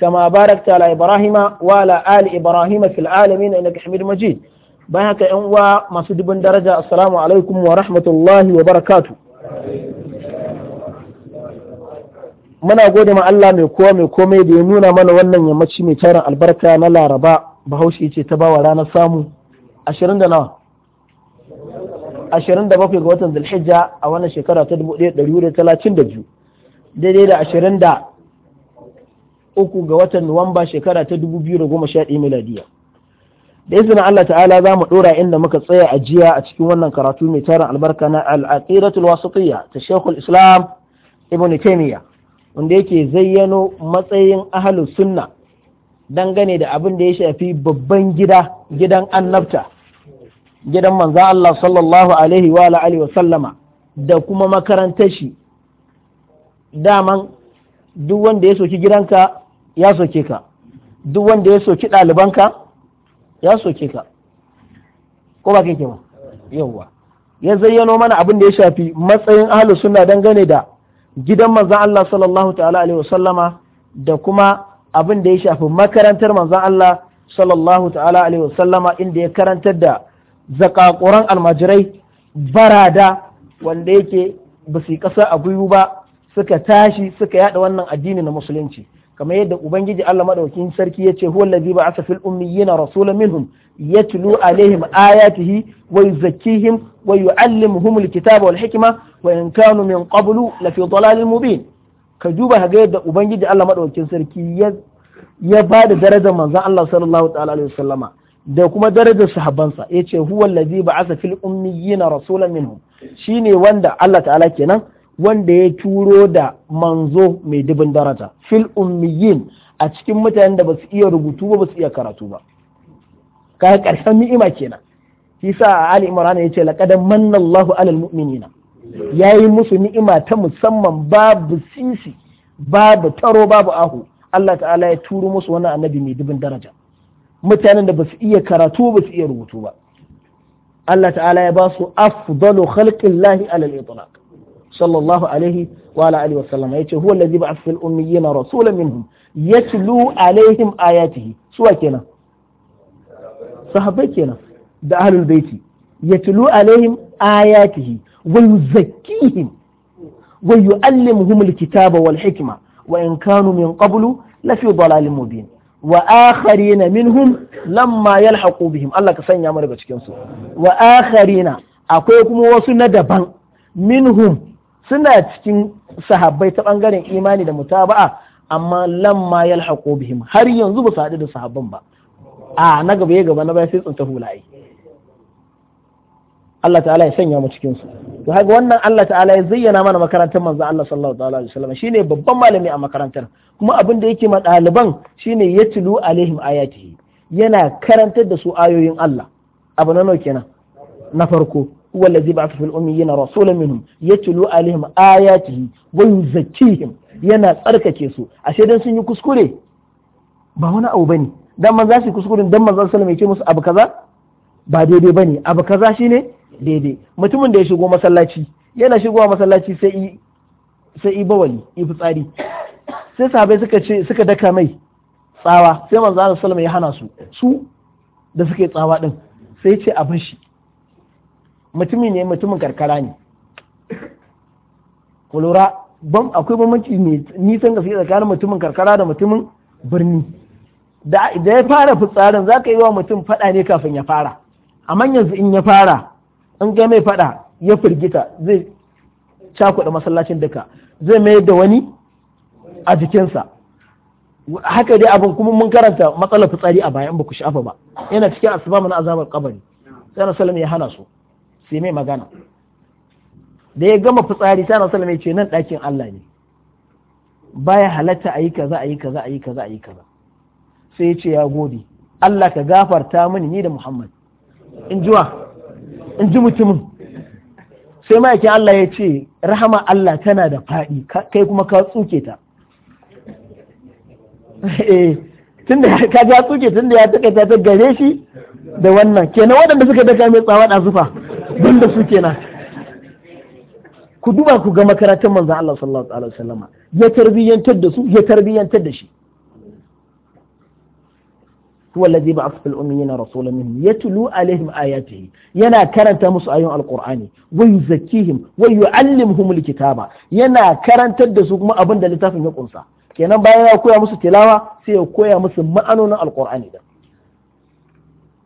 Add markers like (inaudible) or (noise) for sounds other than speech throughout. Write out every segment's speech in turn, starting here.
كما باركت على إبراهيم وعلى آل إبراهيم في العالمين إنك حميد مجيد بهك أنوا مسجد بن درجة السلام عليكم ورحمة الله وبركاته muna gode ma Allah mai kowa mai komai da ya nuna mana wannan yammaci mai tarin albarka na Laraba Bahaushe ce ta bawa ranar samu 20 da nawa 27 ga watan Zulhijja a wannan shekara ta 1432 daidai da uku ga watan Nuwamba shekara ta 2011 miladiya. Da izinin Allah ta'ala za mu ɗora inda muka tsaya a jiya a cikin wannan karatu mai tarin albarka na al'aqiratul wasatiyya ta Sheikhul Islam Ibn Taymiyyah wanda yake zayyano matsayin ahlus sunna dangane da abin da ya shafi babban gida gidan annabta gidan manzo Allah sallallahu alaihi wa alihi wa sallama da kuma makarantar shi daman duk wanda ya soki gidanka ya soke ka duk wanda ya soki ɗalibanka ya soke ka ko ba kake ba yawwa ya zayyano mana abin da ya shafi matsayin ahlus sunna dangane da gidan manzon Allah sallallahu ta'ala alaihi wasallama da kuma abin da ya shafi makarantar manzon Allah sallallahu ta'ala alaihi wasallama inda ya karantar da zakakuran almajirai barada wanda yake ba su kasa a gwiwu ba suka tashi suka yada wannan addini na musulunci kamar yadda ubangiji Allah madaukakin sarki yace huwa allazi ba'atha fil ummiyina rasulan minhum yatlu alaihim ayatihi wa yuzakkihim wa yuallimuhum alkitaba wal hikma wa in kanu min qablu la fi mubin ka duba ga yadda ubangiji Allah madaukakin sarki ya ya ba da darajar manzon Allah sallallahu ta'ala alaihi wasallama da kuma darajar sahabbansa yace huwa allazi ba'atha fil ummiyina rasulan minhum shine wanda Allah ta'ala kenan wanda ya turo da manzo mai dubin daraja fil ummiyin a cikin mutanen da basu iya rubutu ba basu iya karatu ba kaga karshen ni'ima kenan a ali imran ya ce laqad manna Allahu alal mu'minina yayi musu ni'ima ta musamman babu sisi babu taro babu ahu Allah ta'ala ya turo musu wannan annabi mai dubin daraja mutanen da basu iya karatu ba su iya rubutu ba Allah ta'ala ya ba su afdalu khalqillahi alal itlaq sallallahu alaihi wa ala alihi wasallam yace huwa allazi ba'atha fil ummiyina rasulan minhum yatlu alaihim ayatihi suwa kenan sahabbai kenan da ahlul baiti yatlu alaihim ayatihi wa yuzakkihim wa yuallimuhum alkitaba wal hikma wa in kanu min qablu lafi dalalin mubin wa akharina minhum lamma yalhaqu bihim Allah ka sanya mu daga su wa akwai kuma wasu na daban minhum suna cikin sahabbai ta bangaren imani da mutaba'a amma lamma yalhaqu bihim har yanzu ba su haɗu da sahabban ba a na gaba ya gaba na bai sai tsunta hulaye Allah ta'ala ya sanya mu cikin su to haka wannan Allah ta'ala ya zayyana mana makarantar manzo Allah sallallahu alaihi wasallam shine babban malami a makarantar kuma abin da yake ma ɗaliban shine yatlu alaihim ayatihi yana karantar da su ayoyin Allah abu na nawa kenan na farko wallazi allazi ba'atha fil ummiyina rasulan minhum yatlu alaihim ayatihi wa yuzakkihim yana tsarkake su ashe dan sun yi kuskure ba wani abu bane dan manzo su kuskure dan manzo sallallahu alaihi musu abu kaza ba daidai bane abu kaza shine daidai mutumin da ya shigo masallaci yana shigowa masallaci sai sai i bawali i fitsari sai sahabbai suka ce suka daka mai tsawa sai manzo sallallahu alaihi ya hana su su da suke tsawa din sai ya ce a bar shi mutumi ne mutumin karkara ne ku lura akwai bambanci mai nisan gaske tsakanin mutumin karkara da mutumin birni da ya fara fitsarin za ka yi wa mutum faɗa ne kafin ya fara amma yanzu in ya fara in ga mai faɗa ya firgita zai cakuɗa masallacin duka zai mayar da wani a jikinsa haka dai abin kuma mun karanta matsalar fitsari a bayan ba ku shafa ba yana cikin na azabar kabari sai na ya hana su sai mai magana da ya gama fitsari sai Annabi sallallahu ce nan ɗakin Allah ne baya halatta a yi kaza a yi kaza a yi kaza a yi kaza sai ya ce ya gode Allah ka gafarta mini ni da Muhammad in ji wa? in ji mutumin sai ma'aikin Allah ya ce rahama Allah tana da faɗi kai kuma ka tsuke ta (laughs) eh, tunda ka ja tsuke tunda ya taka ta gare shi da wannan kenan waɗanda suka daka mai tsawa da zufa ban da su kenan ku duba ku ga makarantar manza Allah sallallahu alaihi wasallama ya tarbiyyantar da su ya tarbiyyantar da shi huwa allazi ba'atha fil ummiyina rasulan minhum yatlu alaihim ayatihi yana karanta musu ayoyin alqur'ani wa yuzakkihim wa yu'allimuhumul kitaba yana karantar da su kuma abin da littafin ya kunsa kenan bayan ya koya musu tilawa sai ya koya musu ma'anonin alqur'ani da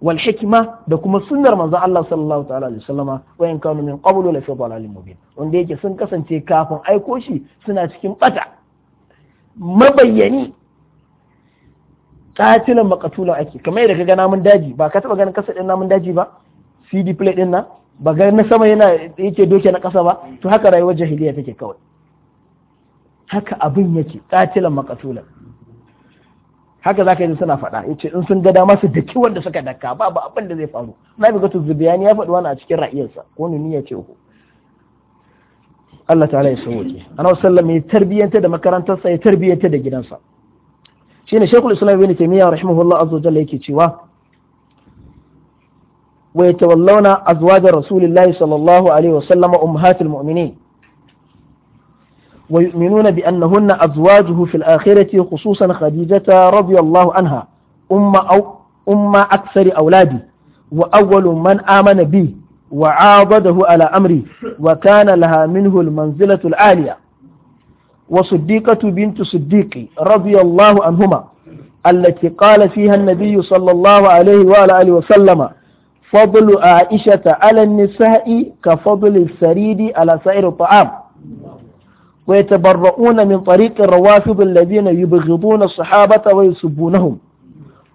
wal hikma da kuma sunnar manzon Allah sallallahu ta'ala alaihi wasallama wa in kanu min qablu la fi mubin wanda yake sun kasance kafin aiko shi suna cikin bata mabayyani katilan makatulan ake kamar yadda ka ga namun daji ba ka taba ganin kasa din namun daji ba CD play din nan ba ga na sama yana yake doke na kasa ba to haka rayuwar jahiliya take kawai haka abin yake katilan makatulan haka za zaka ji suna faɗa yace in sun ga dama su daki wanda suka daka babu abin da zai faru na bi gatu zubiyani ya faɗi wani a cikin ra'iyarsa ko ni ya ce ko Allah ta'ala ya sauke ana sallama ya tarbiyyanta da makarantarsa ya tarbiyyanta da gidansa ne shaykhul islam ibn taymiyyah rahimahullah azza jalla yake cewa wa yatawallawna azwaja rasulillahi sallallahu alaihi wa sallama ummahatul mu'minin ويؤمنون بأنهن أزواجه في الآخرة خصوصا خديجة رضي الله عنها أم أو أم أكثر أولادي وأول من آمن بي وعاضده على أمري وكان لها منه المنزلة العالية وصديقة بنت صديقي رضي الله عنهما التي قال فيها النبي صلى الله عليه وعلى آله وسلم فضل عائشة على النساء كفضل السريد على سائر الطعام ويتبرؤون من طريق الروافض الذين يبغضون الصحابة ويسبونهم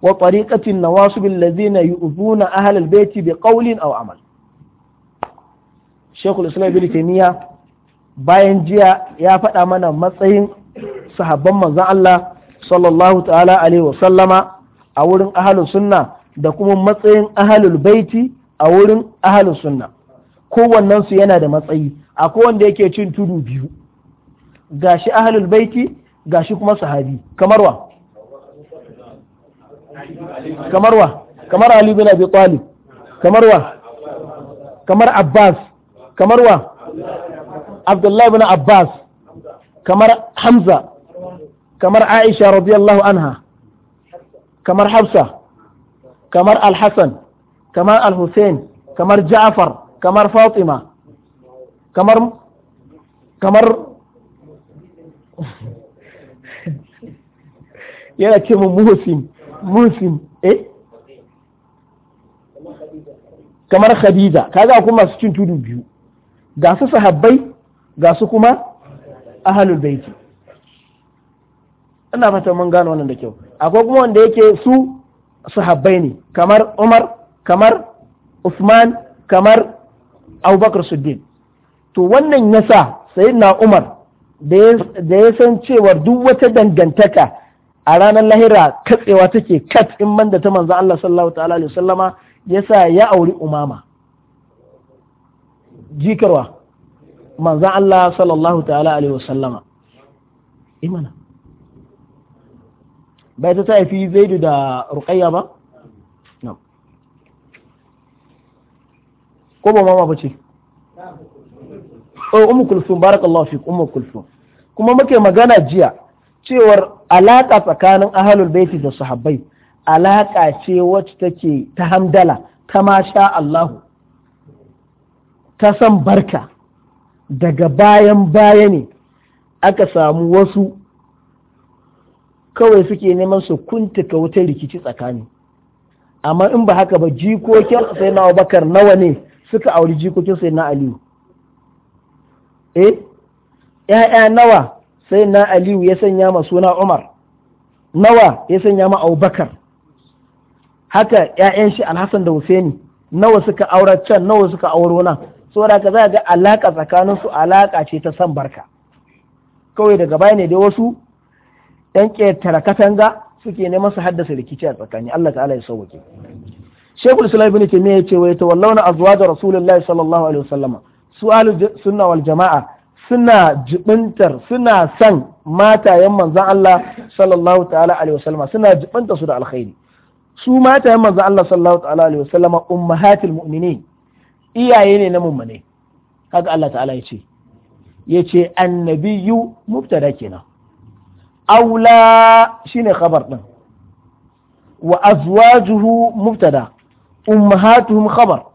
وطريقة النواصب الذين يؤذون أهل البيت بقول أو عمل شيخ الإسلام ابن تيمية bayan jiya ya faɗa mana matsayin sahabban manzon Allah sallama a wurin ahalus sunna da kuma matsayin ahalul baiti a wurin ahalus sunna kowannen yana da matsayi a wanda yake cin tudu biyu gashi ahlul baiti gashi kuma sahabi kamar wa kamar wa kamar Ali bin Abi Talib kamar wa kamar Abbas kamar wa Abdullah bin Abbas kamar Hamza kamar Aisha radiyallahu anha kamar Hafsa kamar Al-Hasan kamar Al-Hussein kamar Ja'far kamar Fatima kamar kamar yana ce mu muhsin muhsin eh kamar khadija kaga akwai masu cin tudu biyu ga su sahabbai ga su kuma ahalul baiti ina fata mun gano wannan da kyau akwai kuma wanda yake su sahabbai ne kamar Umar kamar Usman, kamar Abubakar suddin to wannan yasa sayyidina Umar da ya san cewar duk wata dangantaka a ranar lahira katsewa take kat in man da ta manzo Allah sallallahu ta'ala alaihi sallama yasa ya auri umama jikarwa manzo Allah sallallahu ta'ala alaihi sallama imana eh, bai ta haifi zaidu da ruqayya ba no ko ba mama bace oh ummu kulsum barakallahu fik ummu kulsum kuma muke magana jiya cewar alaƙa tsakanin ahalul baiti da sahabbai alaƙa ce wacce take ta hamdala ta sha Allahu ta san barka daga bayan baya ne aka samu wasu kawai suke neman su kuntuka wutar rikici tsakani amma in ba haka ba jikokin sai na bakar nawa ne suka auri jikokin sai na aliyu eh ya'ya nawa sai na aliyu ya sanya ma suna umar nawa ya sanya ma abubakar haka 'ya'yan shi alhassan da husaini nawa suka aura can nawa suka auro nan saboda ka za ga alaka tsakanin su alaka ce ta san barka kawai daga baya ne da wasu yan ƙetare katanga suke neman su haddasa rikici a tsakani Allah ta'ala ya sauwake Sheikhul Islam ibn Taymiyyah yace wa yatawallawna azwaj Rasulullahi sallallahu alaihi wasallama su ahlus sunna wal jama'a suna jibintar suna san matayen manzan Allah sallallahu ta'ala alaihi wasallama suna jibinta su da alkhairi su matayen manzan Allah sallallahu ta'ala alaihi wasallama mu'minin iyaye ne na mummune haka Allah ta'ala ya ce ya ce annabiyu mubtada kenan aula shine khabar din wa azwajuhu mubtada ummahatuhum khabar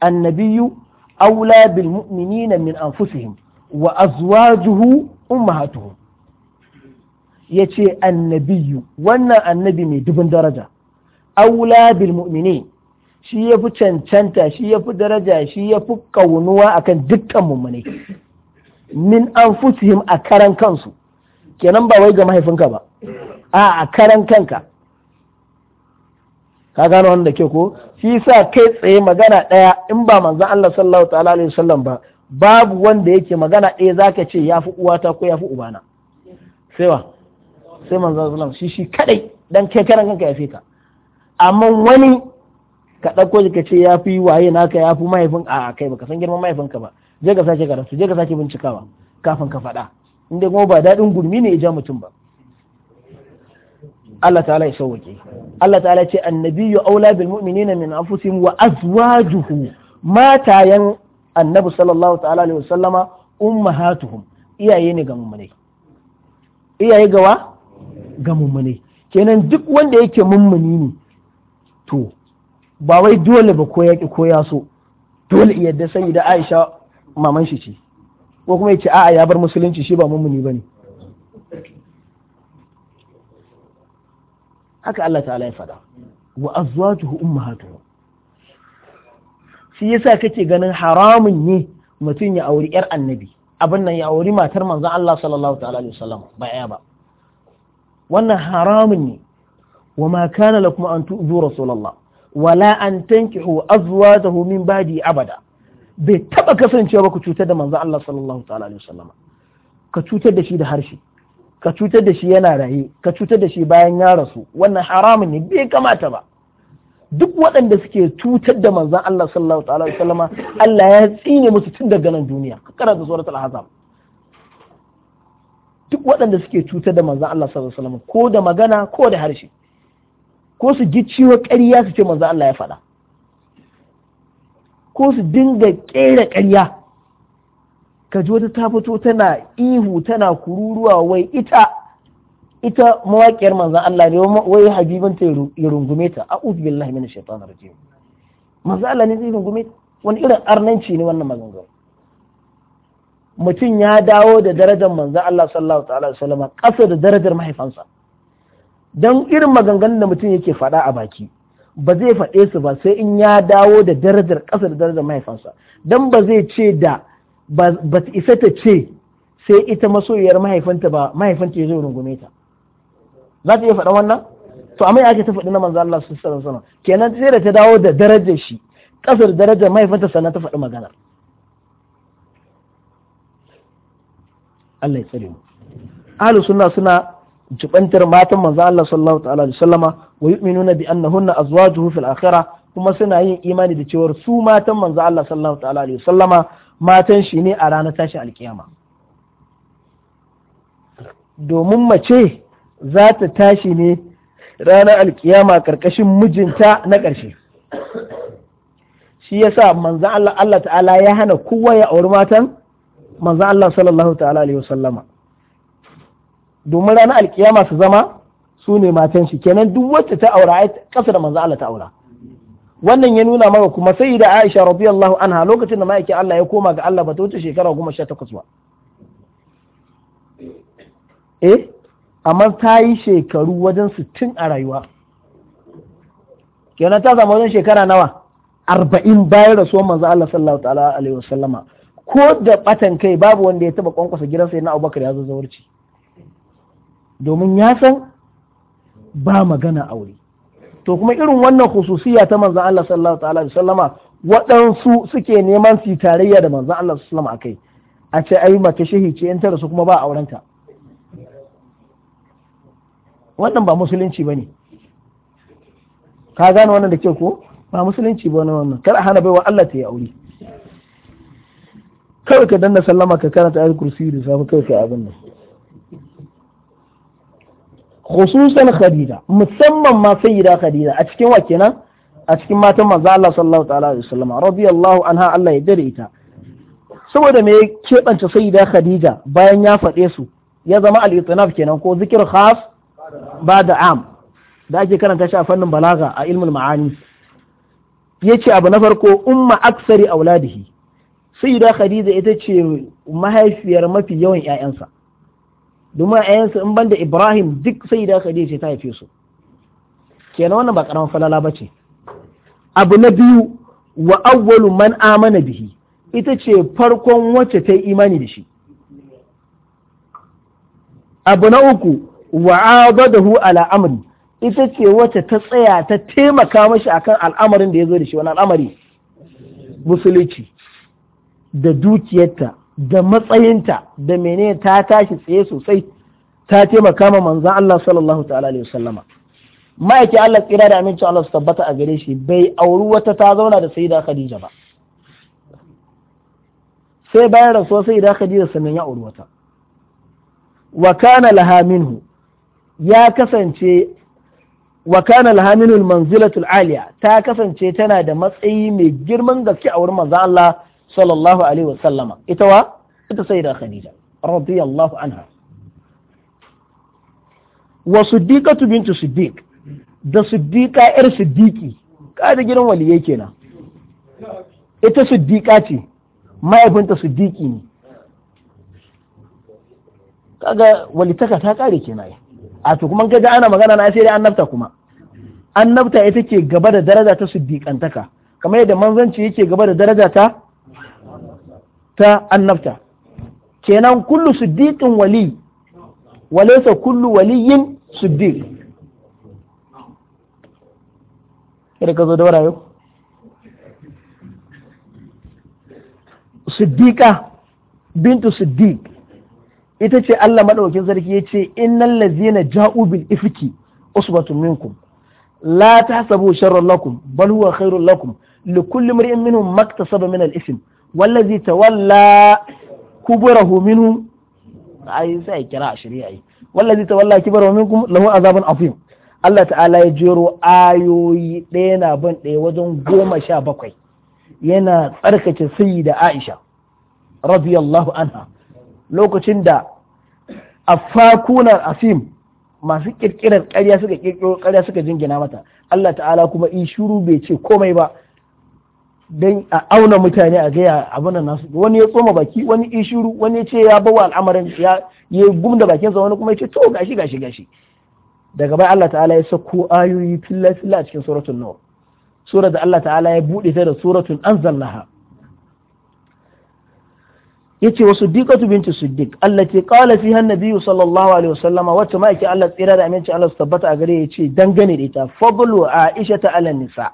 annabiyu aula bil mu'minina min anfusihim wa azwajuhu ummahatuhum yace annabiyu wannan annabi mai dubin daraja aula bil mu'minin shi yafi cancanta shi yafi daraja shi yafi kaunuwa akan dukkan mummune min anfusihim a karan kansu kenan ba wai ga mahaifinka ba a a karan kanka ka gano wannan da ke ko shi sa kai tsaye magana ɗaya in ba manzon Allah sallallahu ta'ala alaihi wasallam ba babu wanda yake magana ɗaya zaka ce yafi uwata ko yafi ubana sai wa sai manzon Allah shi shi kadai dan kai karan kanka yafi ka amma wani ka ɗauko ka ce yafi waye naka yafi mahaifin a kai baka san girman mahaifinka ba je ka sake karatu je ka sake bincikawa kafin ka faɗa inda kuma ba daɗin gurmi ne ya ja mutum ba Allah ta'ala ya sauwake Allah ta'ala ce annabiyyu aula bil mu'minina min anfusihim wa azwajuhu matayen annabi sallallahu ta'ala alaihi wasallama ummahatuhum iyaye ne ga mummune iyaye gawa ga mummune kenan duk wanda yake mummuni ne to ba wai dole ba ko yaki ko ya dole yadda da sai Aisha maman shi ce ko kuma yace a'a ya bar musulunci shi ba mummuni bane haka Allah ta'ala ya faɗa wa azwajuhu ummahatuhu shi yasa kake ganin haramun ne mutum ya auri yar annabi abin nan ya auri matar manzon Allah sallallahu ta'ala alaihi wasallam ba ya ba wannan haramun ne wa ma kana lakum an tu'zu rasulullah wala an tankihu azwajahu min ba'di abada bai taba kasancewa ba ku cutar da manzon Allah sallallahu ta'ala alaihi wasallam ka cutar da shi da harshe ka cutar da shi yana raye ka cutar da shi bayan ya rasu wannan haramun ne bai kamata ba duk waɗanda suke cutar da manzan Allah sallallahu ta'ala wa sallama Allah ya tsine musu tun daga nan duniya ka karanta suratul ahzab duk waɗanda suke cutar da manzan Allah sallallahu wa sallama ko da magana ko da harshe ko su ji ciwo ƙarya su ce manzan Allah ya faɗa ko su dinga ƙera ƙarya ka ji wata ta fito tana ihu tana kururuwa wai ita ita mawaƙiyar manzan Allah ne wai habibin ta ya rungume ta a billahi min shaitan rajim manzan Allah ne zai rungume wani irin arnanci ne wannan maganganu mutum ya dawo da darajar manzan Allah sallallahu ta'ala wasallama ƙasa da darajar mahaifansa don irin maganganun da mutum yake faɗa a baki ba zai faɗe su ba sai in ya dawo da darajar ƙasa da darajar mahaifansa don ba zai ce da ba ta isa ta ce sai ita masoyiyar mahaifinta ba mahaifinta ya zo rungume ta za ta iya faɗa wannan to amma ake ta faɗi na manzo Allah sallallahu alaihi wasallam kenan sai da ta dawo da darajar shi kasar darajar mahaifinta sannan ta faɗi magana Allah ya tsare mu ahlus sunna suna jibantar matan manzo Allah sallallahu ta'ala alaihi wasallama wa yu'minuna bi annahunna azwajuhu fil akhirah kuma suna yin imani da cewar su matan manzo Allah sallallahu ta'ala alaihi wasallama matan shi ne a ranar tashi alkiyama domin mace za ta tashi ne ranar alkiyama karkashin mijinta na ƙarshe shi yasa manzan Allah Allah ta'ala ya hana kowa ya auri matan manzan Allah sallallahu ta'ala alaihi wasallama domin ranar alkiyama su zama su ne matan shi kenan duk wacce ta aura ai kasa da manzan Allah ta aura wannan ya nuna maka kuma sai da Aisha radiyallahu anha lokacin da ma'aikin Allah ya koma ga Allah ba ta wuce shekara goma sha takwas ba eh amma ta yi shekaru wajen sittin a rayuwa nan ta zama wajen shekara nawa arba'in bayan rasuwar manzo Allah sallallahu ta'ala alaihi wasallama ko da ɓatan kai babu wanda ya taba kwankwasa gidansa na Abubakar ya zo zawarci domin ya san ba magana aure to kuma irin wannan hususiya ta manzan Allah sallallahu ta'ala da sallama waɗansu suke neman su tarayya da manzan Allah sallama a kai a ce ai mace shehi ce in tara su kuma ba aurenta wannan ba musulunci ba ne ka gane wannan da ke ko ba musulunci ba ne wannan kar a hana baiwa Allah ta yi aure kawai ka danna sallama ka karanta ayatul kursi da safe kawai ka abin nan khususan khadija musamman ma sayyida khadija a cikin wa kenan a cikin matan manzo Allah sallallahu ta'ala alaihi wasallam radiyallahu anha Allah ya ita saboda mai keɓance da khadija bayan ya faɗe su ya zama al-itinaf kenan ko zikir khas ba da am da ake karanta shi a fannin balaga a ilmul ma'ani yace abu na farko umma aksari auladihi da khadija ita ce mahaifiyar mafi yawan 'ya'yansa domin ayyansu in banda Ibrahim duk sai da Khadija ta haife su kenan wannan ba karamin falala ba ce abu na biyu wa awwalu man amana bihi ita ce farkon wacce ta yi imani da shi abu na uku wa abadahu ala amri ita ce wacce ta tsaya ta taimaka mashi akan al'amarin da ya zo da shi wani al'amari musulunci da dukiyarta da matsayinta da mene ta tashi tsaye sosai ta taimaka ma manzan Allah sallallahu ta'ala alaihi wasallama ma'aiki Allah tsira da amincin Allah su tabbata a gare shi bai auri wata ta zauna da sayyida Khadija ba sai bayan rasuwa sayyida Khadija sannan ya auri wata wa kana laha minhu ya kasance wa kana laha minhu aliya ta kasance tana da matsayi mai girman gaske a wurin manzan Allah sallallahu alaihi wa sallama ita wa ita sayyida khadija radiyallahu anha wa siddiqatu bintu siddiq da siddiqa yar siddiqi kada gidan waliyai kenan ita siddiqa ce mahaifinta siddiqi ne kaga walitaka ta kare kenan a to kuma gaji ana magana na sai dai annabta kuma annabta ita ke gaba da daraja ta siddiqantaka kamar yadda manzanci yake gaba da daraja ta ta annabta kenan kullu siddiqin wali walaysa kullu waliyin siddiq kada ka zo da warayo siddiqa bintu siddiq ita ce Allah maɗaukin sarki yace innal ladzina ja'u bil ifki usbatun minkum la tahsabu sharra lakum bal huwa khairul lakum likulli mar'in minhum maktasaba min al-ithm wallazi tawalla kuburahu minhu ai sai kira a shari'a wallazi tawalla kibarahu minkum lahu azabun afim Allah ta'ala ya jero ayoyi ɗaya na ban ɗaya wajen goma sha bakwai yana tsarkake sayi da Aisha radiyallahu anha lokacin da afakunan asim masu kirkirar ƙarya suka kirkiro ƙarya suka jingina mata Allah ta'ala kuma in shuru bai ce komai ba don a auna mutane a gaya abin da nasu wani ya tsoma baki wani ya shiru wani ya ce ya bawa al'amarin ya ya gumda bakinsa wani kuma ya ce to gashi gashi gashi daga bai Allah ta'ala ya sako ayoyi filla filla a cikin suratun nur surat da Allah ta'ala ya buɗe ta da suratun zallaha ya yace wa siddiqatu binti siddiq allati qala fiha an sallallahu alaihi wasallam wacce ma Allah tsira da aminci Allah su tabbata a gare yace dangane da ita fadlu aisha ta ala nisa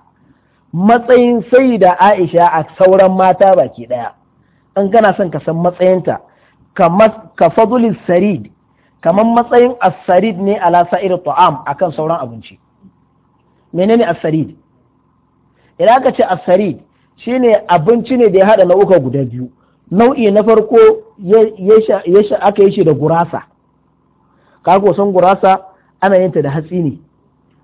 matsayin sai da aisha a sauran mata baki ɗaya in kana son ka san matsayinta ka fadulin sarid kamar matsayin asarid ne ala sa'ir ta'am akan sauran abinci menene asarid Ina aka ce asarid shine abinci ne da ya haɗa nau'uka guda biyu nau'i na farko aka yi shi da gurasa kago san gurasa ana yin ta da hatsi ne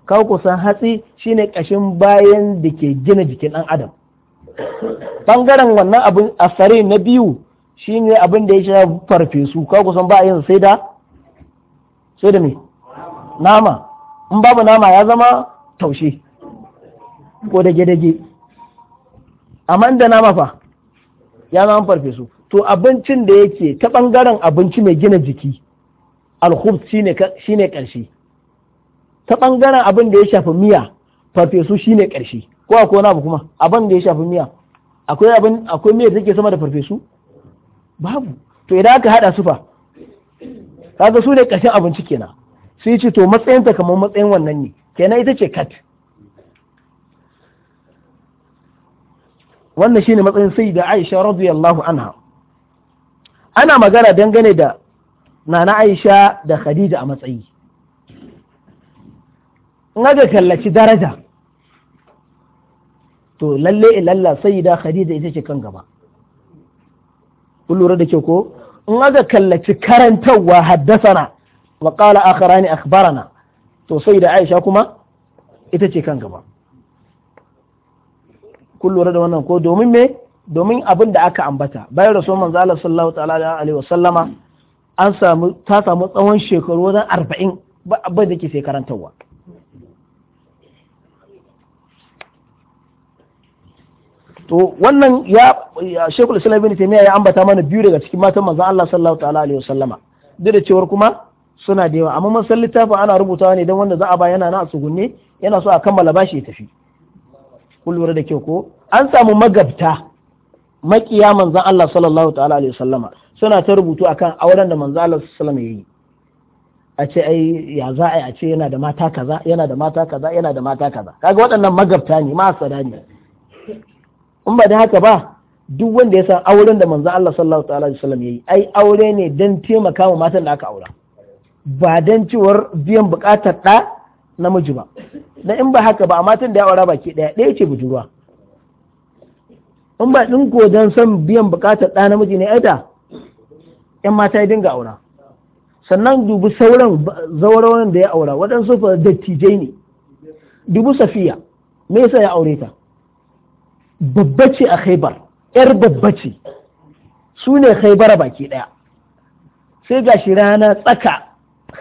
kawo kusan hatsi shine kashin bayan da ke gina jikin ɗan adam bangaren wannan abin asare na biyu shine abin da ya sha farfesu kawo kusan ba yin sai da sai da me nama in babu nama ya zama taushe ko dage-dage amma da nama fa ya zama farfesu to abincin da yake ta bangaren abinci mai gina jiki alkhubs shine shine ƙarshe ta ɓangaren abin da ya shafi miya farfesu shine ƙarshe ko akwai wani abu kuma abin da ya shafi miya akwai abin akwai miya da take sama da farfesu babu to idan aka hada su fa kaga su ne karshen abinci kenan sai ce to matsayinta kamar matsayin wannan ne kenan ita ce kat wannan shine matsayin sai da Aisha radiyallahu anha ana magana dangane da nana Aisha da Khadija a matsayi ga aka kallaci daraja to lalle ilalla sayyida khadija ita ce kan gaba kun lura da ke ko in ga kallaci karantarwa haddasana wa qala akharani akhbarana to sayyida aisha kuma ita ce kan gaba kun lura da wannan ko domin me domin abin da aka ambata bayan rasul manzo Allah sallallahu ta'ala alaihi wasallama an samu ta samu tsawon shekaru wajen arba'in ba da ke sai karantarwa to wannan ya shekul islam ibn taymiya ya ambata mana biyu daga cikin matan manzon Allah sallallahu ta'ala alaihi wasallama duk da cewar kuma suna da yawa amma man san littafin ana rubutawa ne don wanda za a ba yana na a tsugunne yana so a kammala bashi ya tafi kun lura da kyau ko an samu magabta makiya manzon Allah sallallahu ta'ala alaihi wasallama suna ta rubutu akan auren da manzon Allah sallallahu alaihi a ce ai ya za a ce yana da mata kaza yana da mata kaza yana da mata kaza kaga waɗannan magabta ne ma sada ne in ba da haka ba duk wanda ya san auren da manzan Allah sallallahu alaihi wasallam yayi ai aure ne don taimaka wa matan da aka aura ba don ciwar biyan bukatar da namiji ba na in ba haka ba a matan da ya aura baki daya daya ce bujurwa in ba ɗin ko san biyan bukatar da namiji ne aida yan mata ya dinga aura sannan dubi sauran zaurawan da ya aura waɗansu dattijai ne dubu safiya me yasa ya aure ta babba ce a khaibar yar babba ce su ne khaibara baki ɗaya sai ga shi rana tsaka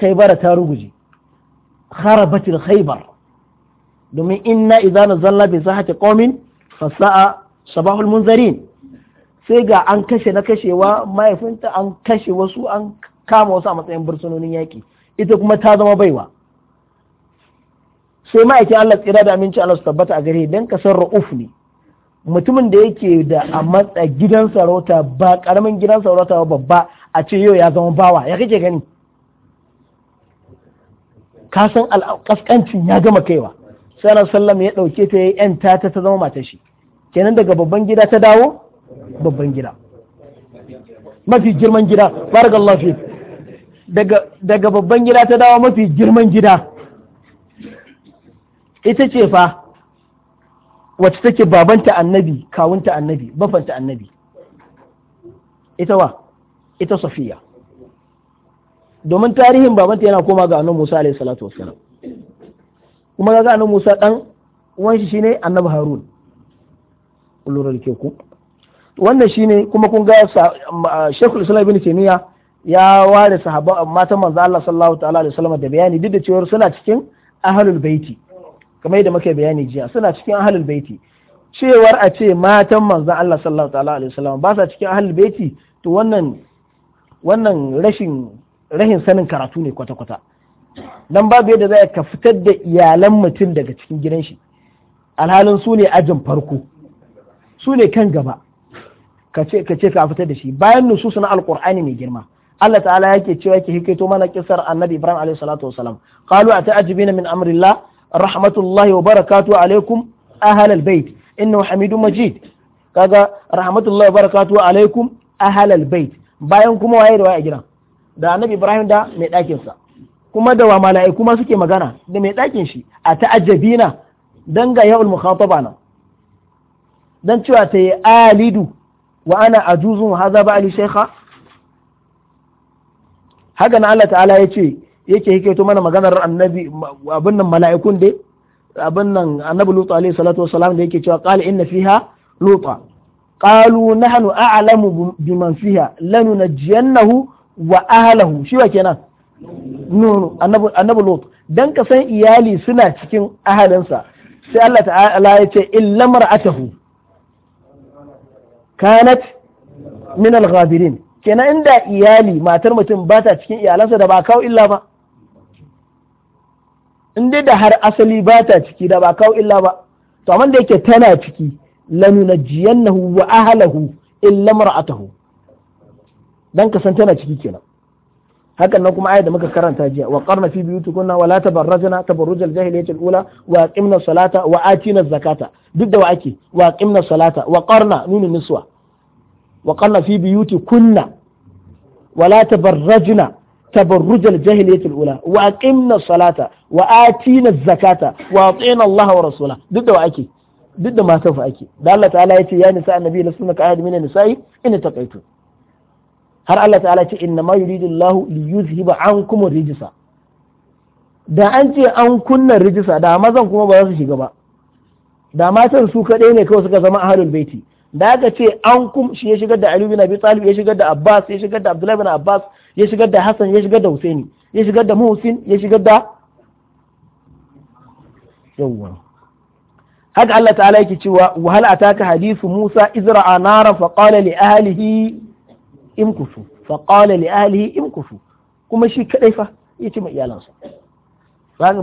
khaibara ta ruguje kharabatil khaibar domin inna idza nazalla bi sahati qaumin sa'a sabahul munzarin sai ga an kashe na kashewa mahaifinta an kashe wasu an kama wasu a matsayin bursunonin yaki. ita kuma ta zama baiwa sai ma'aikin Allah tsira da aminci Allah su tabbata a gare dan kasar ra'uf ne mutumin da yake da a matsa gidan sarauta ba karamin gidan sarauta ba babba a ce yau ya zama bawa ya kake gani ka san ya gama kaiwa sai sallam ya ɗauke ta yayi yanta ta ta zama matar shi kenan daga babban gida ta dawo babban gida mafi girman gida barakallahu fi daga daga babban gida ta dawo mafi girman gida ita ce fa wacce take babanta annabi kawunta annabi bafanta annabi ita wa ita safiya domin tarihin babanta yana koma ga annabi Musa alaihi salatu wassalam kuma ga annabi Musa dan uwan shi shine annabi Harun lura da ke ku wannan shine kuma kun ga Sheikhul Islam Ibn Taymiyyah ya ware sahaba matan manzo Allah sallallahu ta'ala alaihi wasallam da bayani duk da cewa suna cikin ahlul baiti kamar yadda muka bayani jiya suna cikin ahlul baiti cewar a ce matan manzon Allah sallallahu alaihi wasallam ba sa cikin ahlul baiti to wannan wannan rashin rahin sanin karatu ne kwata kwata nan babu yadda za ka fitar da iyalan mutum daga cikin gidan shi alhalin su ne ajin farko su ne kan gaba ka ce ka fitar da shi bayan nususu na alqur'ani mai girma Allah ta'ala yake cewa yake hikaito mana kisar annabi Ibrahim alaihi salatu wasalam qalu ata'ajibina min amrillah rahmatullahi wa barakatuhu alaikum ahlal bait innahu hamidum majid kaga rahmatullahi wa barakatuhu alaikum ahlal bait bayan kuma waye da waye a gidan da annabi ibrahim da mai ɗakin sa kuma da wa mala'iku ma suke magana da mai ɗakin shi a ta'ajjabina dan ga ya'ul mukhataba nan dan cewa ta yi alidu wa ana ajuzun haza ba ali shaykha haka na Allah ta'ala ya ce yake hikaito mana maganar annabi abin nan mala'ikun dai abin nan annabi lutu alaihi salatu wassalam da yake cewa qala inna fiha luta qalu nahnu a'lamu biman fiha lanunajjiyannahu wa ahlihi shi wa kenan nuhu annabi lutu dan ka san iyali suna cikin ahalinsa sai Allah ta'ala ya ce illa mar'atahu kanat min al-ghabirin kenan inda iyali matar mutum ba ta cikin iyalansa da ba kawo illa ba in dai da har asali ba ta ciki da ba kawo illa ba to amma da yake tana ciki lanuna lanunajjiyannahu wa ahlahu illa mar'atahu dan ka san tana ciki kenan hakan nan kuma ayat da muka karanta jiya wa qarna fi buyutikunna wa la tabarrajna tabarrujal jahiliyyati al-ula wa aqimna salata wa atina zakata duk da wa ake wa aqimna salata wa qarna nunu niswa wa qarna fi buyutikunna wa la tabarrajna تبرج الجاهلية الأولى وأقمنا الصلاة وآتينا الزكاة وأطعنا الله ورسوله ضد وأكي ضد ما سوف أكي ده الله تعالى يتي يا نساء النبي لسنك أحد من النساء إن تقيتم har Allah ta'ala ce inna ma yuridu Allah li yuzhiba ankum da an ce an kunna rijisa da mazan kuma ba za su shiga ba da matan su ne kawai suka zama ahlul baiti da aka ce an kum shi ya shigar da aliyu bin Abi Talib ya shigar da Abbas ya shigar da Abdullah bin Abbas ya shigar da Hassan ya shigar da Husaini ya shigar da Muhsin ya shigar da yawwa haka Allah ta'ala yake cewa wa hal ataka hadithu Musa izra'a nara fa qala li ahlihi imkusu fa qala li ahlihi imkusu kuma shi kadai fa yace ma iyalansa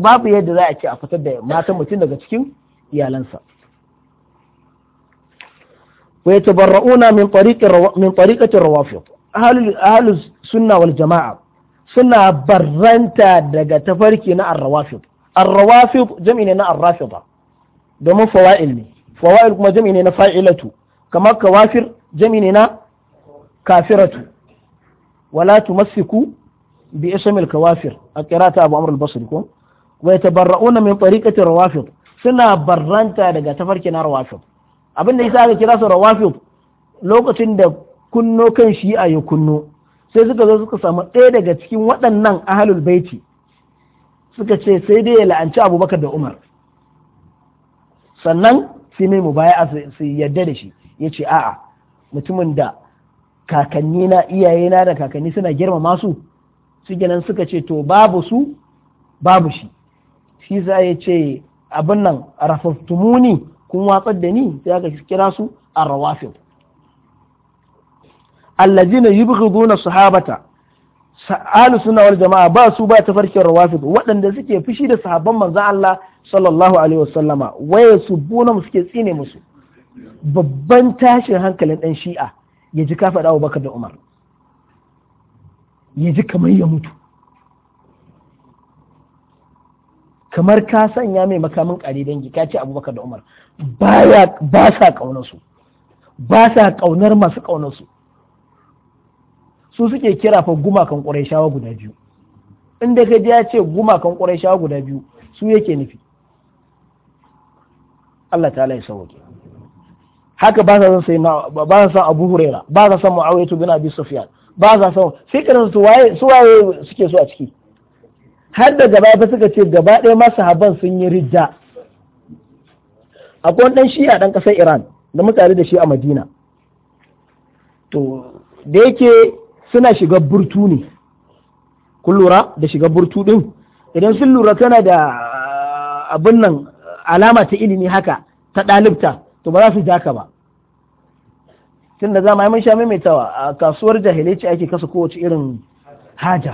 babu yadda za a ce a fitar da matan mutum daga cikin iyalansa ويتبرؤون من min tariqi min tariqati rawafid ahalus sunna jama'a suna barranta daga tafarki na arrawafid arrawafid jam'i ne na arrafida domin fawa'il ne fawa'il kuma jam'i ne na fa'ilatu kamar kawafir jam'i ne na kafiratu wala tumassiku bi ismil kawafir a qira'ata abu amr al-basri ko wa yatabarra'una min tariqati rawafid suna barranta daga tafarki na rawafid abin da yasa aka su lokacin da kunno kan shi a ya kunno sai suka zo suka samu ɗaya daga cikin waɗannan ahalul baiti suka ce sai dai ya la'anci abubakar da umar sannan sai mai mu baya su yarda da shi ya ce a'a mutumin da kakanni na iyaye na da kakanni suna girmama su su nan suka ce to babu su babu shi shi za ya ce abin nan rafaftumuni kun watsar da ni sai aka kira su a rawafil allajina yubghiduna sahabata ahlu sunna wal jama'a ba su ba tafarkin rawafid waɗanda suke fushi da sahabban manzon Allah sallallahu alaihi wasallama waye su mu suke tsine musu babban tashin hankalin dan shi'a ya ji ka faɗa Abubakar da Umar ya ji kamar ya mutu kamar ka sanya mai makamin ƙari dangi ka ce Abubakar da Umar ba sa ƙaunarsu ba sa ƙaunar masu ƙaunarsu su suke kira fa gumakan ƙurayshawa guda biyu inda ka ji ya ce gumakan ƙurayshawa guda biyu su yake nufi Allah ta'ala ya sauke haka ba sa son sai ba sa son Abu Huraira ba sa son Muawiyah bin Abi Sufyan ba sa son sai kiran su waye su waye suke so a ciki har da gaba ba suka ce gaba ɗaya ma sahaban sun yi rijja akwai dan shi'a dan kasar Iran da mutane da shi a Madina to da yake suna shiga burtu ne kun lura da shiga burtu din idan sun lura tana da ah, abin nan alama ta ilimi haka ta ɗalibta to ba za su jaka ba tun da zama mun sha maimaitawa a kasuwar jahilai ce ake kasa kowace irin haja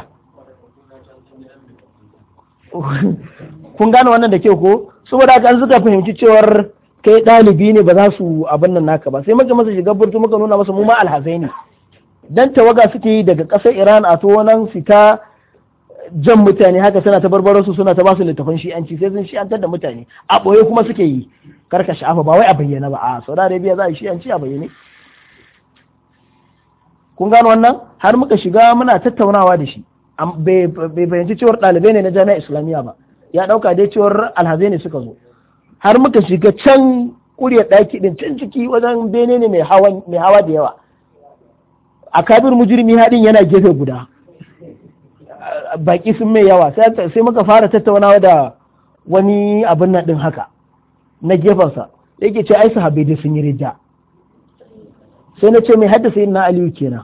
kun gane wannan da ke ko saboda haka an suka fahimci cewar kai ɗalibi ne ba za su abin nan naka ba sai muka masa shiga burtu muka nuna masa mu ma alhazai ne dan tawaga suke yi daga ƙasar iran a to nan fita jan mutane haka suna ta barbaro su suna ta basu littafin shi'anci sai sun shi'antar da mutane a ɓoye kuma suke yi karka sha'afa ba wai a bayyana ba a saudi arabia za a yi shi'anci a bayyane kun gano wannan har muka shiga muna tattaunawa da shi bai fahimci cewar ɗalibai ne na jami'a islamiyya ba ya ɗauka dai cewar alhazai ne suka zo har muka shiga can kurya ɗaki ɗin can ciki wajen bene ne mai hawa da yawa A kabir mujirmi haɗin yana gefe guda baki sun mai yawa sai muka fara tattaunawa da wani abin nan ɗin haka na gefensa yake ce ai Habe, dai sun yi rija sai na ce mai haddasa yin na aliyu kenan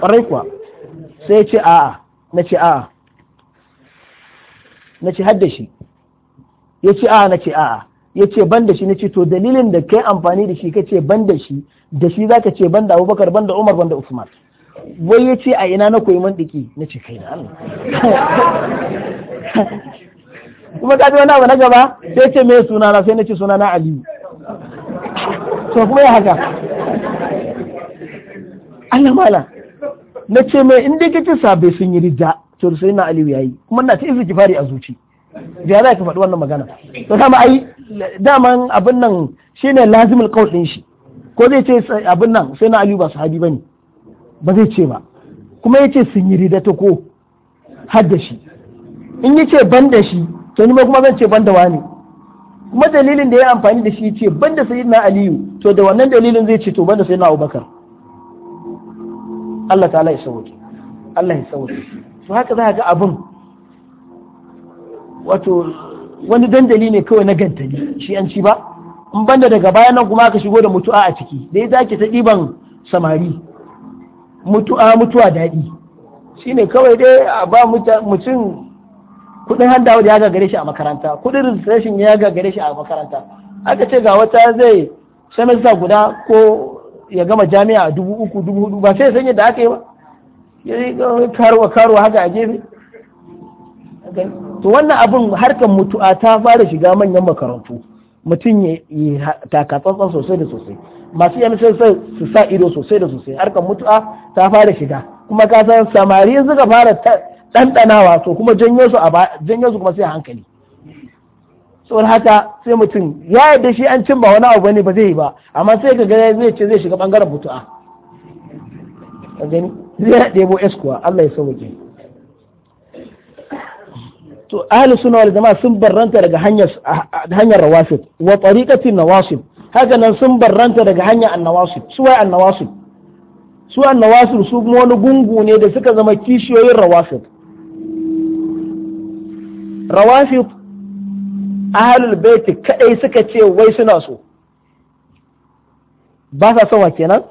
ƙwarai kuwa sai ya ce a'a na ce a'a na ce haddashi ya ce a'a na ce a'a ya ce ban da shi na ce to dalilin da kai amfani da shi ka ce ban da shi da shi zaka ce ban da abubakar ban da umar ban da usman wai ya ce a ina na koyi man diki na ce kai da (laughs) kuma ka wani abu na gaba sai ce me suna na sai na ce suna na aliyu (laughs) to kuma ya haka allah mala na ce mai inda kace sabai sun yi rija to sai na aliyu yayi kuma na ta izu kifari a zuci Jiya za ka faɗi wannan magana to dama ai daman abin nan shine lazimul qaul din shi ko zai ce abin nan sai na ba sahabi bane ba zai ce ba kuma yace sun yi rida ta ko har da shi in yace ban da shi to ni kuma zan ce ban da wani kuma dalilin da ya amfani da shi ce ban da sayyidina aliyu to da wannan dalilin zai ce to ban da sayyidina abubakar Allah ta'ala ya sauke Allah ya sauke su haka za ga abin wato wani dandali ne kawai na gantali shi an ci ba in banda daga bayan nan kuma aka shigo da mutu'a a ciki da ya ake ta ɗiban samari mutu'a mutuwa daɗi shi ne kawai dai a ba mutum kudin handa da ya gagare shi a makaranta kudin registration ya gagare shi a makaranta aka ce ga wata zai semester guda ko ya gama jami'a a dubu uku dubu hudu ba sai sanya da aka yi ba ya yi karuwa karuwa haka a gefe kai to wannan abun harkar mutu'a ta fara shiga manyan makarantu mutum ya yi takatsantsan sosai da sosai masu yan sai su sa ido sosai da sosai harkar mutu'a ta fara shiga kuma ka san samari suka fara ɗanɗanawa to kuma janyo su a janyo su kuma sai hankali saboda haka sai mutum ya yadda shi an cin ba wani abu ne ba zai yi ba amma sai ka ga zai ce zai shiga bangaren mutu'a gani zai ɗebo eskuwa Allah ya sauke to ahli sunna wal jama'a sun barranta daga hanyar hanyar rawafid wa tariqati nawasib haka nan sun barranta daga hanyar annawasib su wai annawasib su annawasib su wani gungu ne da suka zama kishiyoyin rawafid rawafid ahlul bait kadai suka ce wai suna so ba sa sawa kenan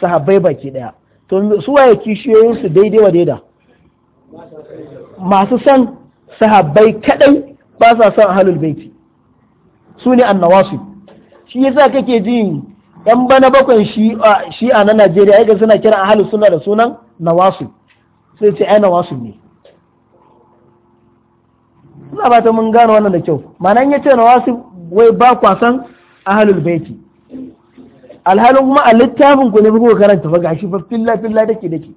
sahabbai baki daya to su waye kishiyoyin su daidai wa daida masu san sahabbai kadai ba sa son ahlul baiti su ne annawasu shi yasa kake ji yan bana bakwai shi a na Najeriya yake suna kiran ahlus sunna da sunan nawasu sai ce ai nawasu ne ina ba ta mun gano wannan da kyau ya yace nawasu wai ba kwasan ahlul baiti alhalin kuma a littafin ku ne ku karanta ba gashi fa filla filla dake dake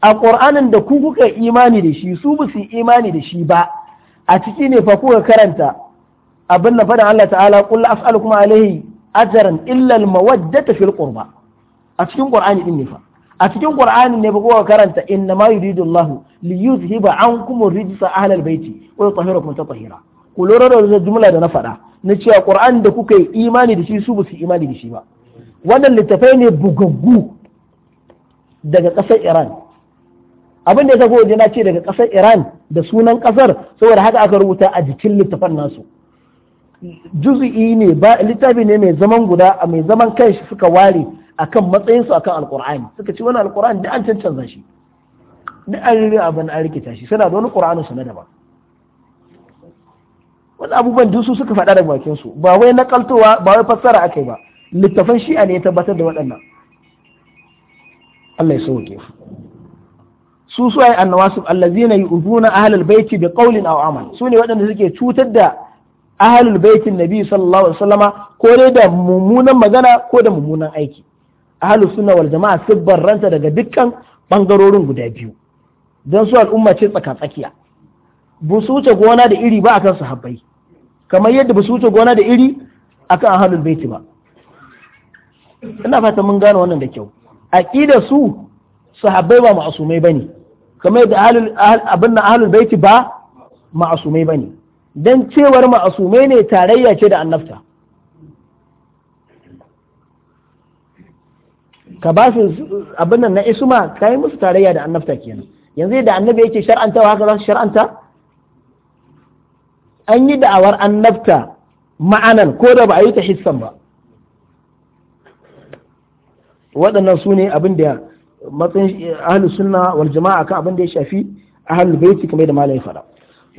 a ƙur'anin da ku kuka imani da shi su ba su imani da shi ba a ciki ne fa kuka karanta abin na faɗin Allah ta'ala kullu as'alukum alaihi ajran illa al-mawaddata fil qurba a cikin ƙur'ani din ne fa a cikin ƙur'ani ne fa kuka karanta inna ma yuridu Allah li yuzhiba ankum ar-rijsa ahla al-bayti wa yutahhirakum tatahira ku lura da wannan jumla da na faɗa na cewa ƙur'ani da kuka yi imani da shi su ba su imani da shi ba wannan littafai ne bugaggu daga ƙasar Iran abin da ya zago waje na ce daga ƙasar iran da sunan ƙasar saboda haka aka rubuta a jikin littafan nasu juzu'i ne ba littafi ne mai zaman guda a mai zaman kai suka ware a kan matsayinsu akan alƙur'ani suka ci wani alƙur'ani da an cancanza shi da an riri abin an rikita shi suna da wani ƙur'anin su na daban wani abubuwan dusu suka faɗa da bakin su ba wai nakaltowa ba wai fassara aka yi ba littafan shi'a ne ya tabbatar da waɗannan Allah ya so sauke su suwaye annawasib allazina yu'zuna ahlul baiti bi qawlin aw amal ne waɗanda suke cutar da ahlul baitin nabi sallallahu alaihi wasallama ko dai da mummunan magana ko da mummunan aiki ahlus sunna wal jama'a sibbar ranta daga dukkan bangarorin guda biyu dan su al'umma ce tsaka tsakiya ba su wuce gona da iri ba akan sahabbai kamar yadda ba su wuce gona da iri akan ahlul baiti ba ina fata mun gane wannan da kyau aqidar su sahabbai ba ma'asumai bane kamar da abin na ahlul baiti ba ma'asumai ba ne don cewar ma'asumai ne tarayya ce da annabta ka ba su abin nan na isuma ka yi musu tarayya da annabta kenan yanzu da annabi yake shar'antawa haka za su shar'anta an yi da'awar annabta ma'anan ko da ba a yi ta hissan ba waɗannan su ne abin da matsayin ahlus sunna wal jama'a abin da ya shafi ahlul baiti kamar da malai fada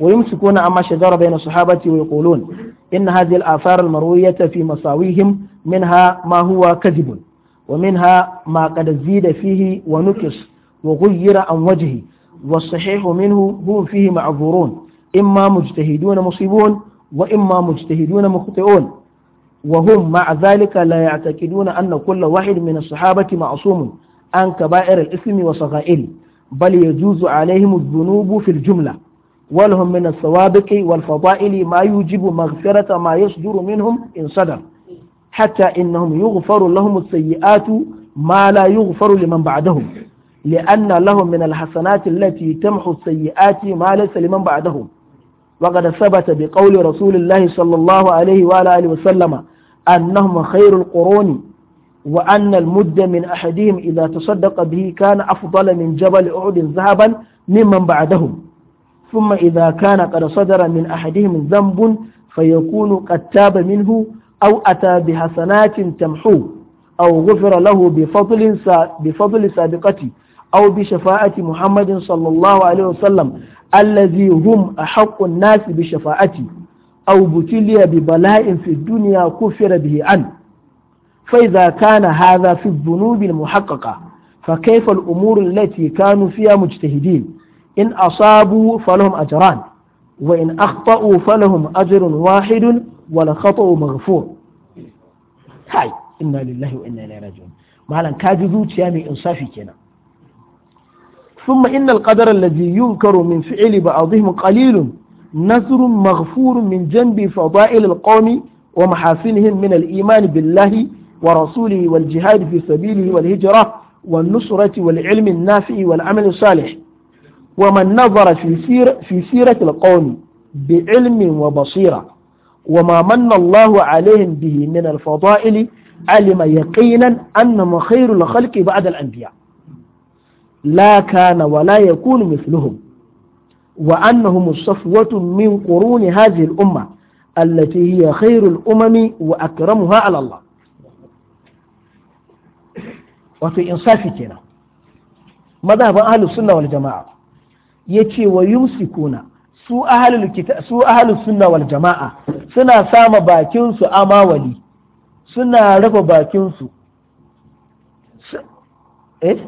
wa yumsikuna amma shajara bayna sahabati wa yaqulun inna hadhihi al afar al marwiyata fi masawihim minha ma huwa kadhibun wa minha ma qad zida fihi wa nukis wa ghayyira an wajhi wa sahih minhu hum fihi ma'dhurun imma mujtahidun musibun wa imma mujtahidun mukhtaun wa hum ma'a dhalika la ya'taqiduna anna kulla wahid min as-sahabati ma'sumun ma عن كبائر الإثم وصغائره بل يجوز عليهم الذنوب في الجملة ولهم من السوابق والفضائل ما يوجب مغفرة ما يصدر منهم إن صدر حتى إنهم يغفر لهم السيئات ما لا يغفر لمن بعدهم لأن لهم من الحسنات التي تمحو السيئات ما ليس لمن بعدهم وقد ثبت بقول رسول الله صلى الله عليه وآله وسلم أنهم خير القرون وأن المد من أحدهم إذا تصدق به كان أفضل من جبل أعد ذهبا ممن بعدهم ثم إذا كان قد صدر من أحدهم ذنب فيكون قد تاب منه أو أتى بحسنات تمحوه أو غفر له بفضل بفضل سابقته أو بشفاعة محمد صلى الله عليه وسلم الذي هم أحق الناس بشفاعته أو بتلي ببلاء في الدنيا كفر به عنه فإذا كان هذا في الذنوب المحققة فكيف الأمور التي كانوا فيها مجتهدين إن أصابوا فلهم أجران وإن أخطأوا فلهم أجر واحد والخطأ مغفور هاي إنا لله وإنا إليه راجعون مالا كاجدو تيامي إنصافي كنا ثم إن القدر الذي ينكر من فعل بعضهم قليل نذر مغفور من جنب فضائل القوم ومحاسنهم من الإيمان بالله ورسوله والجهاد في سبيله والهجرة والنصرة والعلم النافع والعمل الصالح ومن نظر في سيرة, في سيرة القوم بعلم وبصيرة وما من الله عليهم به من الفضائل علم يقينا أنهم خير الخلق بعد الأنبياء لا كان ولا يكون مثلهم وأنهم الصفوة من قرون هذه الأمة التي هي خير الأمم وأكرمها على الله wato insafi kenan mazhaban ahlus sunna wal jama'a yace wa yumsikuna su ahlul kitab su ahlus sunna wal jama'a suna sama bakin su amawali suna raba bakin su eh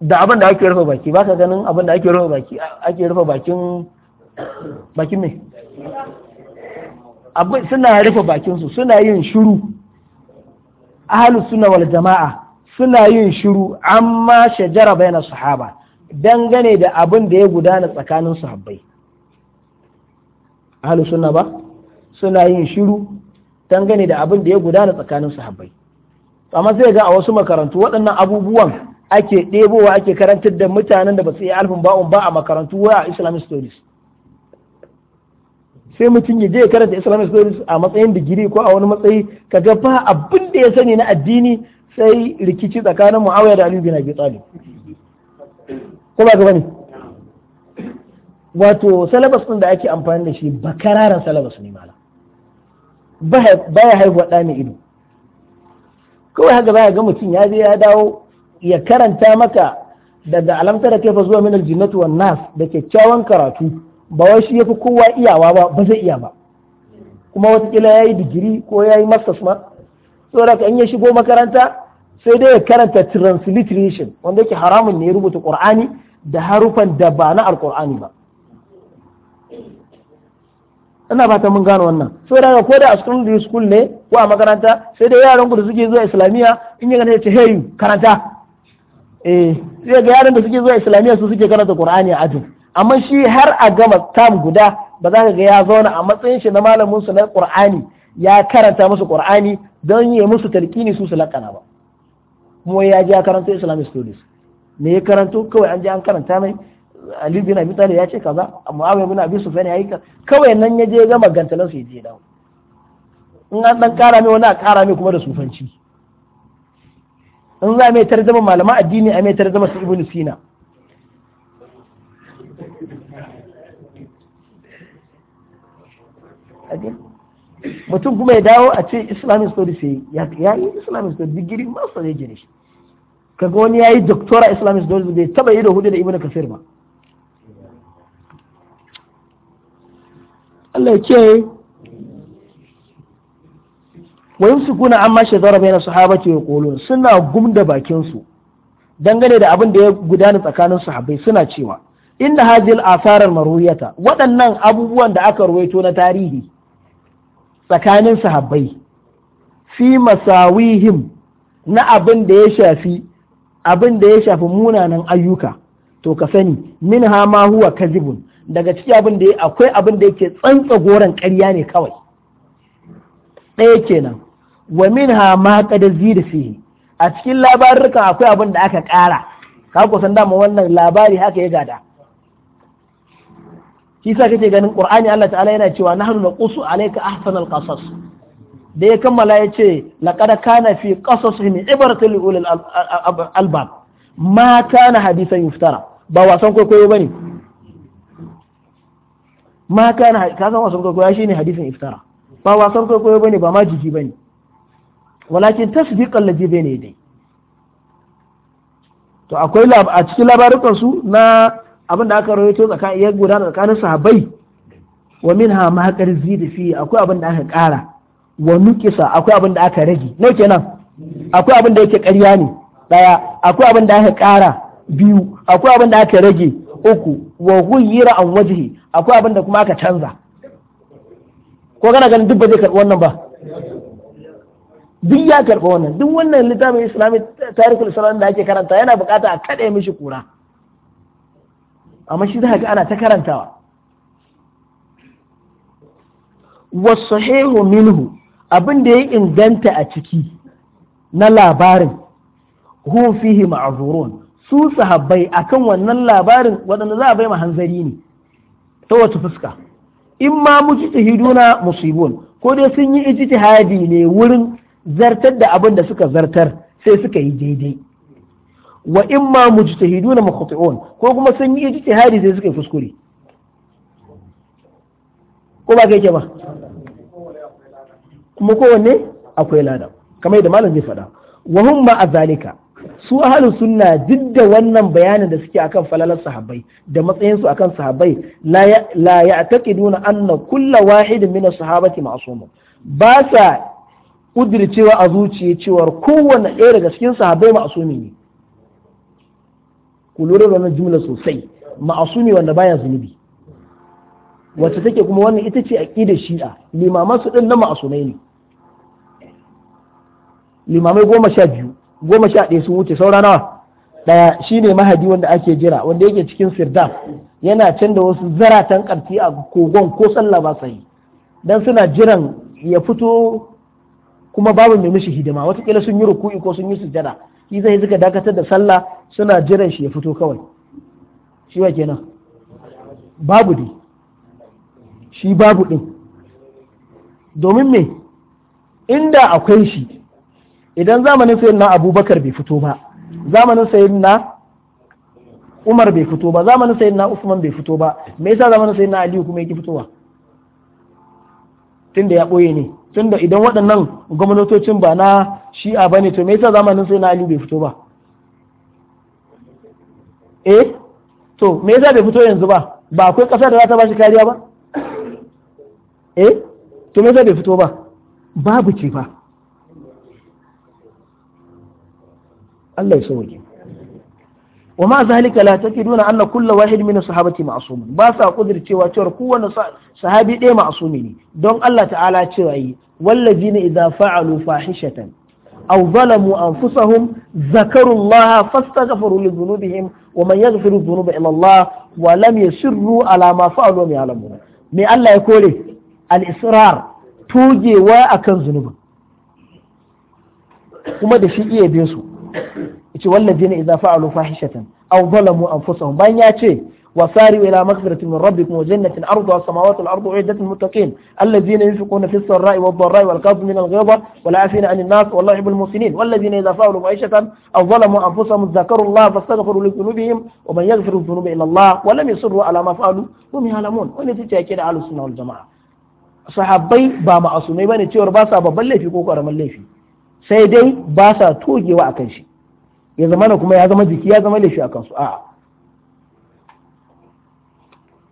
da abin da ake rufe baki ba ka ganin abin da ake rufe baki ake rufe bakin bakin ne abin suna rufe bakin su suna yin shiru ahalus suna wal jama'a suna yin shiru amma shajara bayan sahaba dangane da abin da ya gudana tsakanin sahabbai ahalus suna ba suna yin shiru dangane da abin da ya gudana tsakanin sahabbai amma sai ga a wasu makarantu waɗannan abubuwan ake ɗebowa ake karantar da mutanen da ba su yi alfin ba'un ba a makarantu wa islamic studies sai mutum ya je ya karanta islamic studies a matsayin digiri ko a wani matsayi kaga ba abin da ya sani na addini sai rikici tsakanin muawiya da aliyu bin abi talib ko ba ka bani? wato salabas din da ake amfani da shi ba kararan salabas ne mala ba ya haihuwa ɗa mai ido kawai haka baya ga mutum ya je ya dawo ya karanta maka daga alamtar da kai fa zuwa min aljinnatu wan nas da kyakkyawan karatu ba wai shi yafi kowa iyawa ba ba zai iya ba kuma watakila ya yi digiri ko ya yi masters ma saboda in ya shigo makaranta sai dai ya karanta transliteration wanda yake haramun ne ya rubuta qur'ani da harufan da ba na alqur'ani ba ina ta mun gano wannan sai daga ko da a secondary school ne ko a makaranta sai dai yaran da suke zuwa islamiyya in ya gane ce hey karanta eh sai ga yaran da suke zuwa islamiyya su suke karanta qur'ani a ajin amma shi har a gama tam guda ba za ka ga ya zauna a matsayin shi na malamin su na qur'ani ya karanta musu qur'ani don yi musu talqini su su lakana ba kuma ya ji ya karanta islamic studies me ya karanto kawai an ji an karanta mai Ali bin Abi Talib ya ce kaza Amma Abu bin Abi Sufyan ya yi ka kawai nan ya je gama gantalan su ya je dawo in an dan kara mai wani a kara mai kuma da sufanci in za a mai tarjama malama addini a mai tarjama su ibnu sina addini mutum kuma ya dawo a ce islamic studies ya yi islamic studies digiri masu ne gine shi kaga wani ya yi doctora islamic studies bai taba yi da hudu da ibnu kasir ba Allah ya ce wa yumsikuna amma shajara bayna sahabati wa qulun suna gumda bakinsu dangane da abin da ya gudana tsakanin sahabbai suna cewa inda hajjil al-athar al waɗannan abubuwan da aka ruwaito na tarihi tsakanin sahabbai fi masawihim na abin da ya shafi abin da ya shafi munanan ayyuka to ka sani min ma huwa kazibun daga ciki abin da akwai abin da yake tsantsa goron ƙarya ne kawai ɗaya kenan wa min ma kada da fihi a cikin labarukan akwai abin da aka ƙara ka kusan dama wannan labari haka ya gada shi sa kake ganin qur'ani Allah ta'ala yana cewa nahnu naqusu alayka ahsanal qasas da ya kammala ya ce laqad kana fi qasasihim ibaratun li ulil albab ma kana hadisan yuftara ba wasan kwaikwayo bane ma kana ka san wasan kwaikwayo shine hadisin iftara ba wasan kwaikwayo bane ba ma jiji bane walakin tasdiqan ladhi bayna yadayhi to akwai a cikin labarukan su na abin da aka rawaito tsakanin ya guda tsakanin sahabai wa ha ma haƙar zidi fi akwai abin da aka ƙara wa nukisa akwai abin da aka rage nau kenan akwai abin da yake ƙarya ne daya akwai abin da aka ƙara biyu akwai abin da aka rage uku wa ghayyira an wajhi akwai abin da kuma aka canza ko kana ganin duk ba zai karɓi wannan ba duk ya karɓi wannan duk wannan littafin islamic tarihul islam da ake karanta yana bukata a kaɗe mishi kura amma shi za ga ana ta karantawa Hehu minhu abin da ya inganta a ciki na labarin hum fihi ma'zurun su sahabbai akan wannan labarin waɗanda za a bai hanzari ne ta wata fuska in ma mujtahiduna musibun ko dai sun yi ijtihadi ne wurin zartar da abin da suka zartar sai suka yi daidai wa imma mujtahiduna mukhti'un ko kuma sun yi ijtihadi sai suka kuskure ko ba kai ke ba kuma kowanne akwai lada kamar yadda malam zai faɗa wa hum ma azalika su ahlus sunna duk da wannan bayanin da suke akan falalar sahabbai da matsayin su akan sahabbai la ya'taqiduna anna kullu wahidin min as-sahabati ma'sum ba sa cewa a zuciya cewar kowanne ɗaya daga cikin sahabbai ma'sumi ne ku lura wannan jumla sosai ma'asumi wanda baya zunubi wacce take kuma wannan ita ce aqida shi'a limaman su din na ma'asumai ne limamai goma sha biyu goma sha ɗaya sun wuce saura nawa ɗaya shine mahadi wanda ake jira wanda yake cikin sirdaf yana can da wasu zaratan ƙarfi a kogon ko sallah ba sai dan suna jiran ya fito kuma babu mai mishi hidima watakila sun yi ruku'i ko sun yi sujada shi zai suka dakatar da sallah suna jiran shi ya fito kawai shi wa kenan babu din shi babu din domin me inda akwai shi idan zamanin sayin na abubakar bai fito ba zamanin sayin na umar bai fito ba zamanin sayin na usman bai fito ba me yasa zamanin sayin na aliyu kuma yake fitowa tunda ya ɓoye ne tunda idan waɗannan gwamnatocin ba na shi'a bane to me yasa zamanin sai na ali bai fito ba eh to me yasa bai fito yanzu ba ba akwai ƙasa da za ta ba shi kariya ba eh to me yasa bai fito ba babu ce ba. Allah ya sauke wa ma zalika la takiduna anna kullu wahid min sahabati ma'sum ba sa kudircewa cewa kowanne sahabi ɗaya ma'sumi ne don Allah ta'ala cewa yi wallazina idza fa'alu fahishatan أو ظلموا أنفسهم ذكروا الله فاستغفروا لذنوبهم ومن يغفر الذنوب إلا الله ولم يسروا على ما فعلوا وهم يعلمون me Allah ya kore al-israr togewa akan zunuba kuma da shi iya bin su yace wallazina idza fa'alu fahishatan aw zalamu bayan ya ce وساروا إلى مغفرة من ربكم وجنة أرضها السماوات والأرض أعدت للمتقين الذين ينفقون في السراء والضراء والكظم من الغيظة والعافين عن الناس والله يحب المحسنين والذين إذا فعلوا فاحشة أو ظلموا أنفسهم ذكروا الله فاستغفروا لذنوبهم ومن يغفر الذنوب إلا الله ولم يصروا على ما فعلوا هم يعلمون ونتيجة كده على السنة والجماعة sahabbai ba ma'asumai bane cewar ba sa babban في ko karamin laifi sai dai ba sa togewa akan shi ya zama kuma ya zama jiki ya zama laifi akan su a'a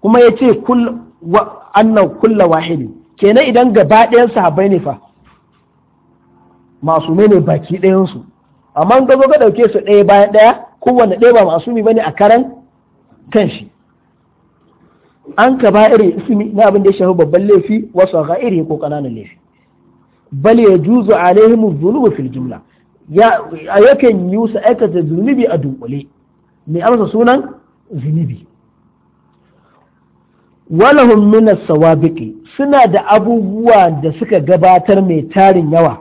kuma ya ce annan kulla wahidi kenan idan gaba ɗayan sahabbai ne fa masu ne baki ɗayansu amma ga ɗauke su ɗaya bayan ɗaya kowane ɗaya ba masu ba bane a karan kanshi an ka ba iri ismi na abin da ya shafi babban laifi wasu ga iri ko ƙananan laifi bal ya juzu alaihim zunubu fil jumla ya yakan yi su aikata zunubi a dunkule mai amsa sunan zunubi walahum min as-sawabiqi suna da abubuwa da suka gabatar mai tarin yawa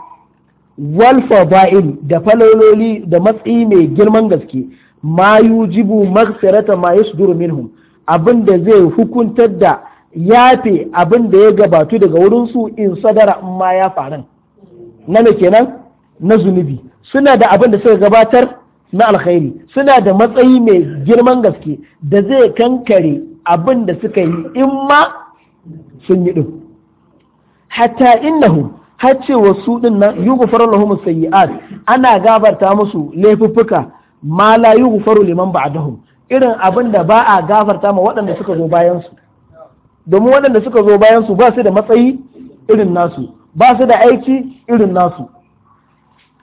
wal fada'il da falololi da matsayi mai girman gaske ma yujibu maghfirata ma yasduru minhum abinda zai hukuntar da yafe abin da ya gabatu daga wurin su in sadara in ya faru na me kenan na zunubi suna da abin da suka gabatar na alkhairi suna da matsayi mai girman gaske da zai kankare abin da suka yi in ma sun yi ɗin hatta innahu har cewa su ɗin nan yi gufarar lahum sayyi'at ana gafarta musu laifuffuka ma la yi gufaru liman ba'dahum irin abin da ba a gafarta ma waɗanda suka zo bayan su domin waɗanda suka zo bayan su ba su da matsayi irin nasu ba su da aiki irin nasu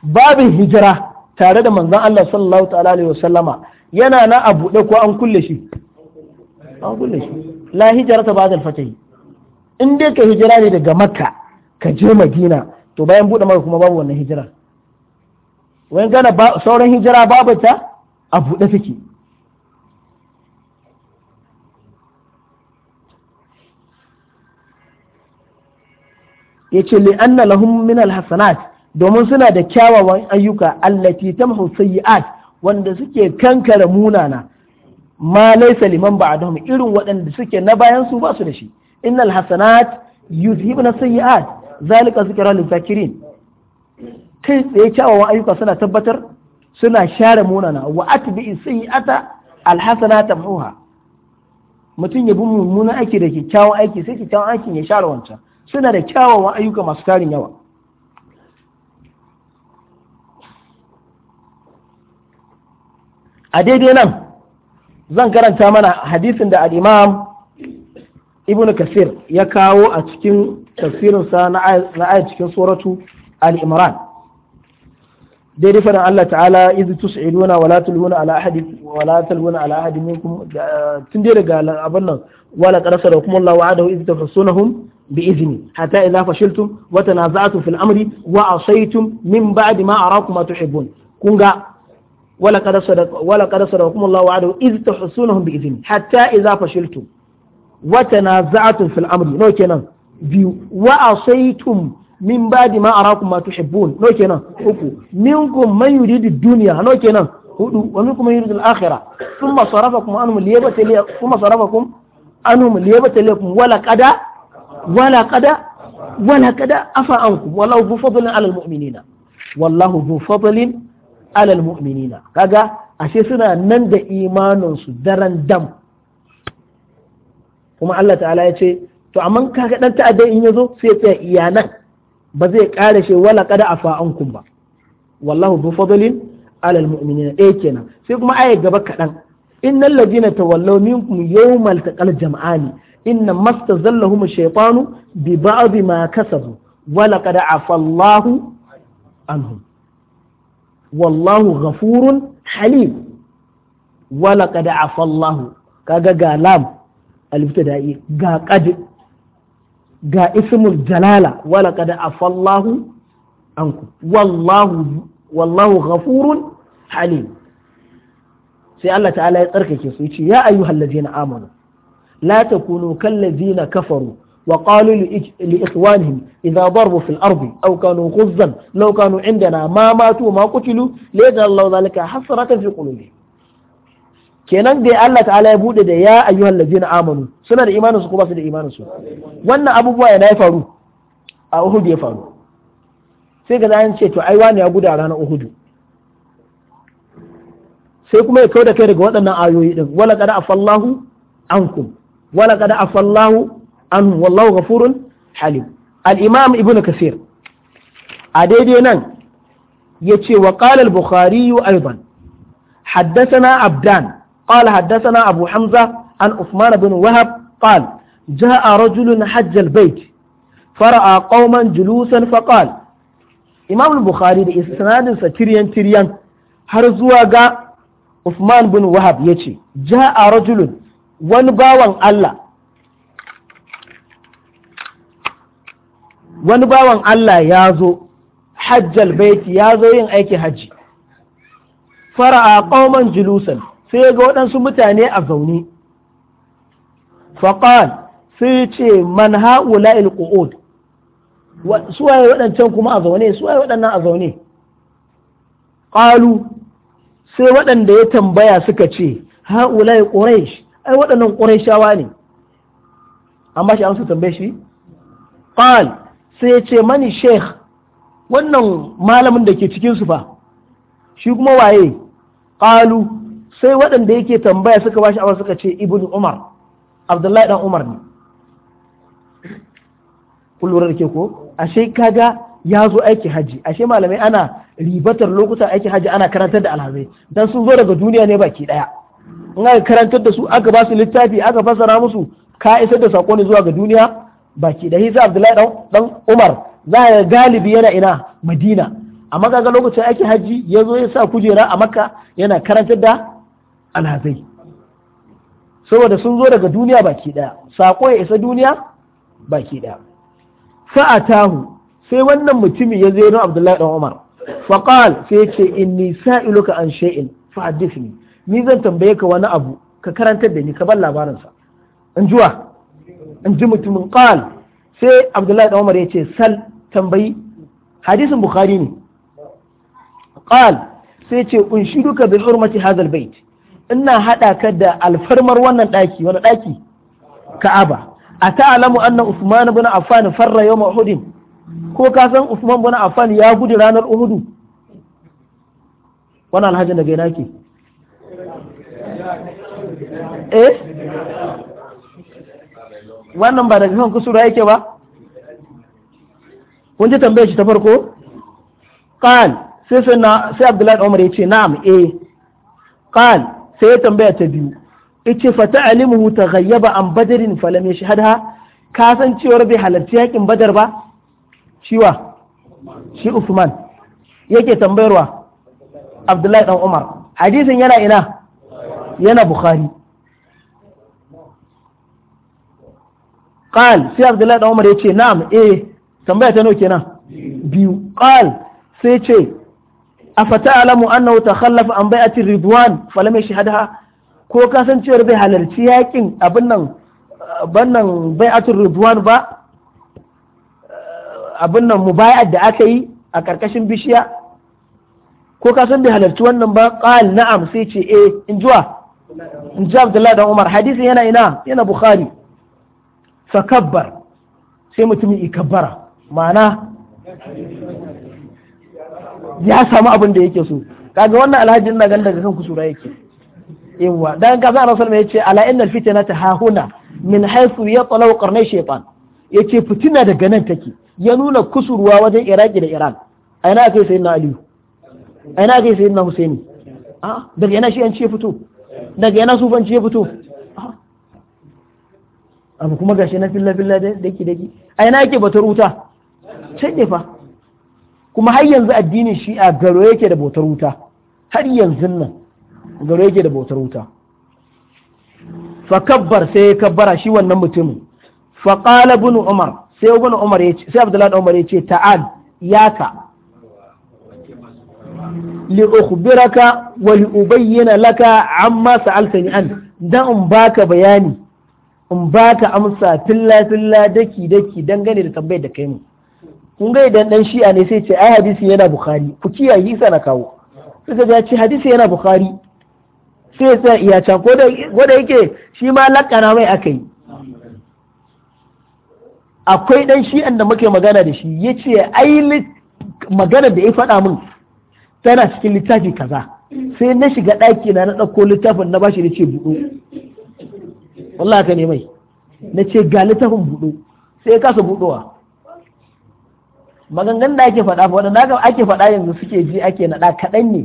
babin hijira tare da manzon Allah sallallahu ta'ala alaihi wasallama yana na a buɗe ko an kulle shi an kulle shi la hijira ta ba'da al in dai ka hijira ne daga makka ka je madina to bayan bude maka kuma babu wannan hijira Wai gana sauran hijira babu ta a buɗe take yace li li'anna lahum min alhasanat domin suna da kyawawan ayyuka allati tamhu sayyi'at wanda suke kankara munana ma laysa liman ba'dahum irin waɗanda suke na bayan su ba su da shi innal hasanat yuzhibna sayyi'at zalika zikra lil zakirin kai tsaye kyawawan ayyuka suna tabbatar suna share munana wa atbi sayyi'ata alhasana tamhuha mutum ya bi mummunan aiki da kyakkyawan aiki sai kyakkyawan aikin ya share wancan suna da kyawawan ayyuka masu tarin yawa a daidai nan zan karanta mana hadisin da al-imam ibn kasir ya kawo a cikin tafsirinsa na ayat cikin suratu al-imran daidai fadin Allah ta'ala izi tus'iluna wala tulhuna ala ahadi wala tulhuna ala ahadi minkum tun dai daga abin nan wala qarasa da kuma Allah wa'adahu iz tafassunahum bi izni hatta idza fashiltum wa tanaza'tum fil amri wa asaytum min ba'di ma arakum ma tuhibbun kun ولقد صدق ولقد صدقكم الله وعده إذ تحسونهم بإذن حتى إذا فشلتم وتنازعتم في الأمر نو كنا بيو وعصيتم من بعد ما أراكم ما تحبون نو كنا أكو منكم من يريد الدنيا نو كنا ومنكم من يريد الآخرة ثم صرفكم عنهم ليبتلي ثم صرفكم عنهم ليبتليكم ولقد ولقد ولقد أفا عنكم والله ذو فضل على المؤمنين والله ذو فضل alal mu'minina kaga ashe suna nan da imaninsu daren dam kuma Allah ta'ala ya ce to amma kaga dan ta'adda in yazo sai ya tsaya iyanan ba zai kare shi wala kada afa ankum ba wallahu bi fadlin alal mu'minina eh kenan sai kuma ayi gaba kadan innal ladina tawallaw minkum yawmal taqal jam'ani inna mastazallahum ash-shaytanu bi ba'd ma kasabu wala qad afa Allahu anhum wallahu ghafurun halim wala qad afa Allah kaga ga lam al-ibtida'i ga qad ga ismul jalala wala qad afa Allah anku wallahu wallahu ghafurun halim sai Allah ta'ala ya tsarkake su yace ya ayyuhallazina amanu la takunu kallazina kafaru وقالوا لإخوانهم إذا ضربوا في الأرض أو كانوا غزا لو كانوا عندنا ما ماتوا ما قتلوا ليجعل الله ذلك حسرة في قلوبهم kenan da Allah ta'ala ya bude da ya ayyuhal ladina amanu suna da imanin su ba su da imanin su wannan abubuwa yana ya faru a Uhud ya faru sai ga an ce to ai wani ya guda ranar Uhud sai kuma ya kauda kai daga waɗannan ayoyi din wala qad afallahu ankum wala qad afallahu anhum wallahu ghafurun halim al-imam ibn kasir a daidai nan yace wa qala al-bukhari aidan haddathana abdan qala haddathana abu hamza an usman ibn wahab qala جاء رجل حج البيت فرأى julusan جلوسا فقال imam bukhari da sa tiryan tiryan har zuwa ga usman bin Wahab ya ce ja'a rajulun wani bawan Allah wani bawan Allah ya zo hajjal baiti ya zo yin aikin hajji fara'a qauman julusan sai ga waɗansu mutane a zaune faƙal sai ce man haula il qu'ud suwaye waɗancan kuma a zaune suwaye waɗannan a zaune Ƙalu sai waɗanda ya tambaya suka ce haula il ƙoraish ai waɗannan ƙoraishawa ne amma shi an su tambaye shi qal sai ya ce mani sheikh wannan malamin da ke cikinsu fa shi kuma waye ƙalu sai waɗanda yake tambaya suka bashi awa suka ce ibn umar abdullahi dan umar ne kullum da ke ko ashe kaga ya zo aiki haji ashe malamai ana ribatar lokutan aiki haji ana karantar da alhazai dan sun zo daga duniya ne baki daya in aka karantar da su aka ba su littafi aka fassara musu ka isar da sako ne zuwa ga duniya baki da hisa abdullahi dan umar za ga galibi yana ina madina amma kaga lokacin ake hajji ya zo ya sa kujera a makka yana karantar da alhazai saboda sun zo daga duniya baki daya sako ya isa duniya baki daya fa'atahu sai wannan mutumin ya zo abdullahi dan umar faqal sai yace ce inni sa'iluka an shay'in fa ni zan tambaye ka wani abu ka karantar da ni ka bar labarinsa in in ji mutumin qal sai abdullahi dan umar ya ce sal tambayi hadisin bukhari ne qal sai ce unshiduka bi hurmati hadha albayt ina hada ka da alfarmar wannan daki wani daki ka'aba a ata'lamu anna usman ibn affan farra yawm uhud ko ka san usman ibn affan ya gudu ranar uhud wannan alhaji daga ina ke eh? wannan ba daga kan kusura yake ba kun ji tambaye shi ta farko kan sai sai abdullahi umar yace na'am eh kan sai ya tambaya ta biyu yace fa ta'limuhu ba an badrin falam yashhadha ka san cewar bai halarci yakin badar ba ciwa shi usman yake tambayarwa abdullahi dan umar hadisin yana ina yana bukhari qal sai abdullahi dan umar yace na'am eh tambaya ta nawa kenan biyu qal sai ce afata'lamu annahu takhallafa an bai a bai'ati ridwan falam yashhadha ko kasancewar bai halarci yakin abin nan ban nan bai a bai'atul ridwan ba abin nan mu mubayar da aka yi a ƙarƙashin bishiya ko ka san bai halarci wannan ba qal na'am sai ce eh in jiwa in ji Abdullahi dan Umar hadisi yana ina yana Bukhari fakabbar sai mutumin ikabbara ma'ana ya samu abin da yake so kaga wannan alhaji ina gan daga kan kusura yake yawa dan ka za rasul mai yace ala innal fitna hahuna min haythu yatlaw qarnay shaytan yace fitina daga nan take ya nuna kusurwa wajen iraki da iran aina sai na aliyu aina sai na husaini a ah, daga yana shi an ce fito daga yana sufan ce fito abu kuma gashi na filla filla daki daki a ina yake bautar wuta can fa kuma har yanzu addinin shi'a garo yake da bautar wuta har yanzu nan garo yake da bautar wuta fa kabbar sai ya kabbara shi wannan mutumin fa qala ibn umar sai ibn umar ya ce sai abdullahi umar ya ce ta'al ka li ukhbiraka wa li ubayyana laka amma sa'altani an dan in baka bayani in ba ka amsa filla filla daki daki dangane da tambayar da kai mu kun ga idan dan shi'a ne sai ce ai hadisi yana bukhari ku kiyaye hisa na kawo sai ka ce hadisi yana bukhari sai ya iya can ko da yake shi ma lakana mai aka yi akwai dan shi'an da muke magana da shi ya ce ai magana da ya faɗa min tana cikin littafi kaza sai na shiga ɗaki na na ɗauko littafin na bashi da ce buɗo wallahi ka ne mai na ce ga littafin buɗo sai ya kasa buɗowa maganganun da ake faɗa waɗanda ake faɗa yanzu suke ji ake naɗa kaɗan ne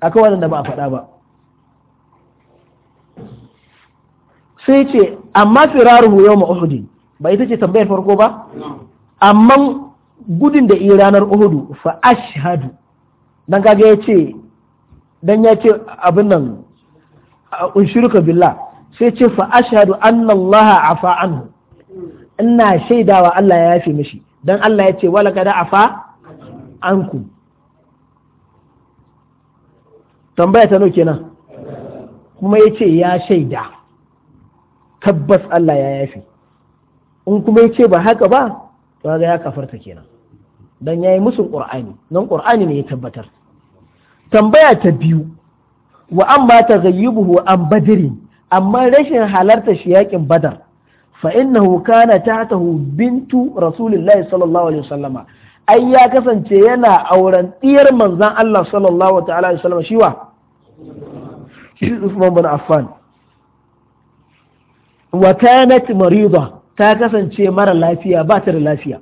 akwai wadanda ba a faɗa ba sai ce amma firaruhu yau ma uhudi ba ita ce tambayar farko ba amma gudun da iya ranar uhudu fa ashhadu dan kaga ya ce dan ya ce abin nan unshiruka billah sai ce fa ashhadu anna Allah afa anhu ina shaidawa Allah ya yafe mishi dan Allah ya ce wala kada afa anku tambaya ta nau kenan kuma ya ce ya shaida tabbas Allah ya yafe in kuma ya ce ba haka ba to ga ya kafarta kenan dan yayi musun qur'ani nan qur'ani ne ya tabbatar tambaya ta biyu wa amma taghayyubuhu an badirin, amma rashin halarta shi yakin badar fa innahu kana tahtahu bintu rasulillahi sallallahu alaihi wasallama ai ya kasance yana auren diyar manzan Allah sallallahu ta'ala alaihi wasallama shiwa shi Usman bin Affan wa kanat marida ta kasance mara lafiya ba ta da lafiya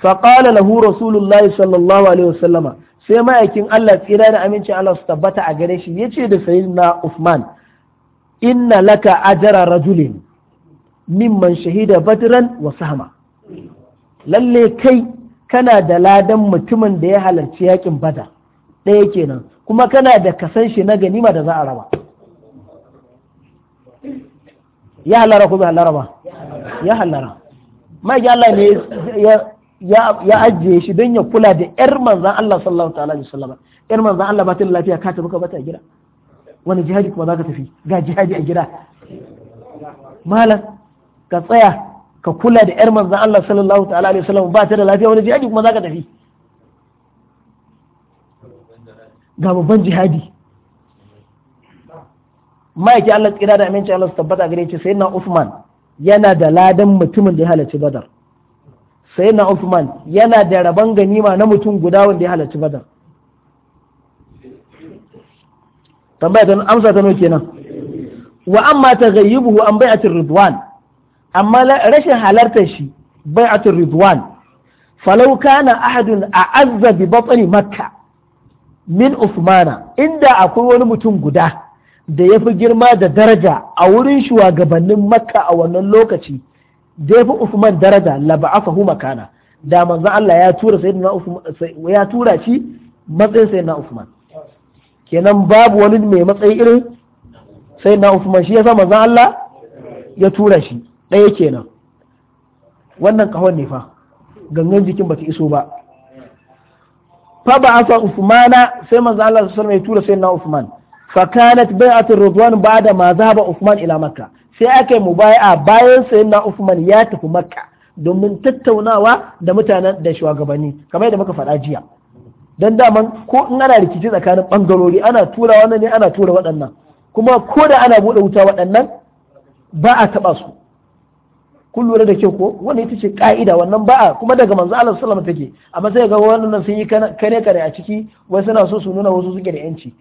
fa qala lahu rasulullahi sallallahu alaihi wasallama sai ma'aikin Allah tsira da amincin Allah su tabbata a gare shi yace da sayyidina Uthman inna laka ajara rajulin mimman shahida badran wa sahma lalle kai kana da ladan mutumin da ya halarci yakin bada? ɗaya kenan kuma kana da kasan shi na ganima da za a raba ya halara ko halara ba ya halara mai Allah ne ya ya ajiye shi don ya kula da yar manzan Allah sallallahu ta'ala da sallama yar manzan Allah ba ta da lafiya ka tafi ka bata a gida wani jihadi kuma za ka tafi ga jihadi a gida malam ka tsaya ka kula da yar manzan Allah sallallahu ta'ala da sallama ba ta da lafiya wani jihadi kuma za ka tafi ga babban jihadi ma'aiki Allah tsira da aminci Allah su tabbata gare shi na Uthman yana da ladan mutumin da ya halarci Badar sai na Uthman yana da rabon ganima na mutum guda wanda ya halarci badar tambaya ta amsa ta kenan wa amma buhu an a ridwan amma rashin halartar shi bai'atir ridwan falau kana ahadun a bi batni makka min usmana inda akwai wani mutum guda da ya fi girma da daraja a wurin shugabannin makka a wannan lokaci jefa Usman daraja la ba'athahu makana da manzan Allah ya tura sayyidina Usman ya tura shi matsayin sayyidina Usman kenan babu wani mai matsayi irin sayyidina Usman shi yasa manzo Allah ya tura shi ɗaya kenan wannan kahon ne fa gangan jikin bata iso ba fa ba'atha Usmana sai manzo Allah sallallahu alaihi wasallam ya tura sayyidina Usman fa kanat bai'atu ridwan ba'da ma zaba Usman ila Makkah sai aka yi mubaya'a bayan na Uthman ya tafi Makka domin tattaunawa da mutanen da shugabanni kamar yadda muka faɗa jiya dan daman ko in ana rikici tsakanin bangarori ana tura wannan ne ana tura waɗannan kuma ko da ana buɗe wuta waɗannan ba a taɓa su kun lura da kyau ko wannan ita ce ka'ida wannan ba'a kuma daga manzo Allah sallallahu alaihi wasallam take amma sai ga wannan sun yi kare kare a ciki wai suna so su nuna wasu suke da yanci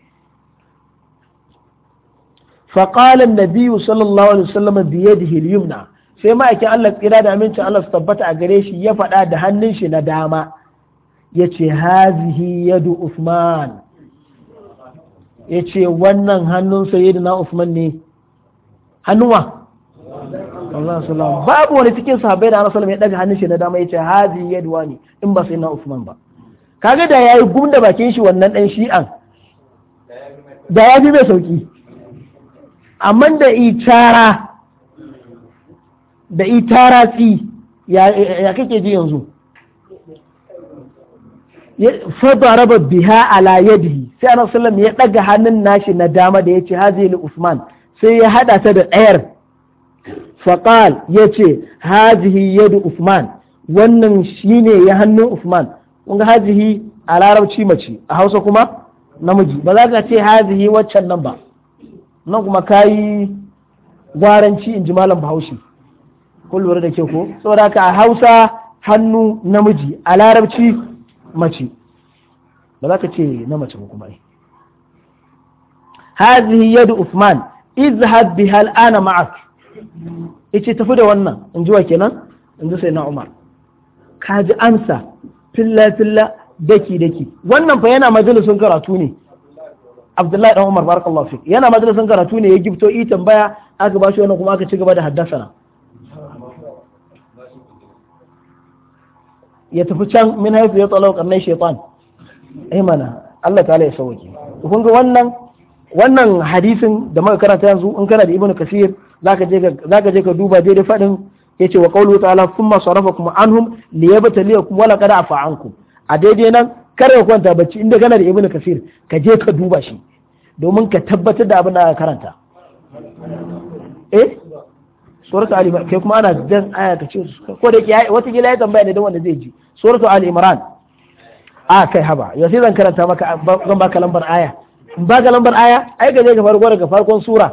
فقال النبي صلى الله عليه وسلم بيده اليمنى sai ma'aikin Allah tsira da amincin Allah su tabbata a gare shi ya faɗa da hannun shi na dama ya ce hazihi yadu Usman ya ce wannan hannun sayyidina Usman ne hannuwa babu wani cikin sahabbai da Annabi ya ɗaga hannun shi na dama ya ce hazihi yadu wani in ba na Usman ba kaga da yayi gumda bakin shi wannan dan shi'an da ya fi mai sauki amma da itara da itara si ya kake ji yanzu fadaraba biha ala yadihi sai annabi sallam ya daga hannun nashi na dama da yace hazi li usman sai ya hada ta da ɗayar faqal yace hazihi yadu usman wannan shine ya hannun usman kun ga hazihi a larabci mace a hausa kuma namiji ba za ka ce hazihi wancan nan ba nan kuma ka yi gwaranci in ji malam bahaushe kun lura da ke ko saboda ka a hausa hannu namiji a larabci mace ba za ka ce na mace ba kuma hazihi yadu usman izhad biha al'ana ma'ak yace tafi da wannan in ji wa kenan in ji sai na umar ka ji amsa filla filla daki daki wannan fa yana majalisun karatu ne abdullahi dan umar barakallahu fik yana madrasan karatu ne ya gifto i tambaya aka ba shi wannan kuma aka ci gaba da haddasana ya tafi can min haifu ya kan nai shaitan ai eh mana Allah ta'ala ya sauke kun ga wannan wannan hadisin da muka karanta yanzu in kana da ibnu kasir zaka je zaka je ka duba daidai fadin yace wa qawlu ta'ala thumma sarafakum anhum liyabtaliyakum wa laqad afa ankum a daidai nan kar ka kwanta bacci inda kana da ibnu kasir ka je ka duba shi domin ka tabbatar da abin da aka karanta eh suratu ali kai kuma ana dan aya ka ce ko da ke wata gila ya tambaya ne dan wanda zai ji suratu ali imran a kai haba yau sai zan karanta maka zan baka lambar aya in baka lambar aya ai ga ga farko daga farkon sura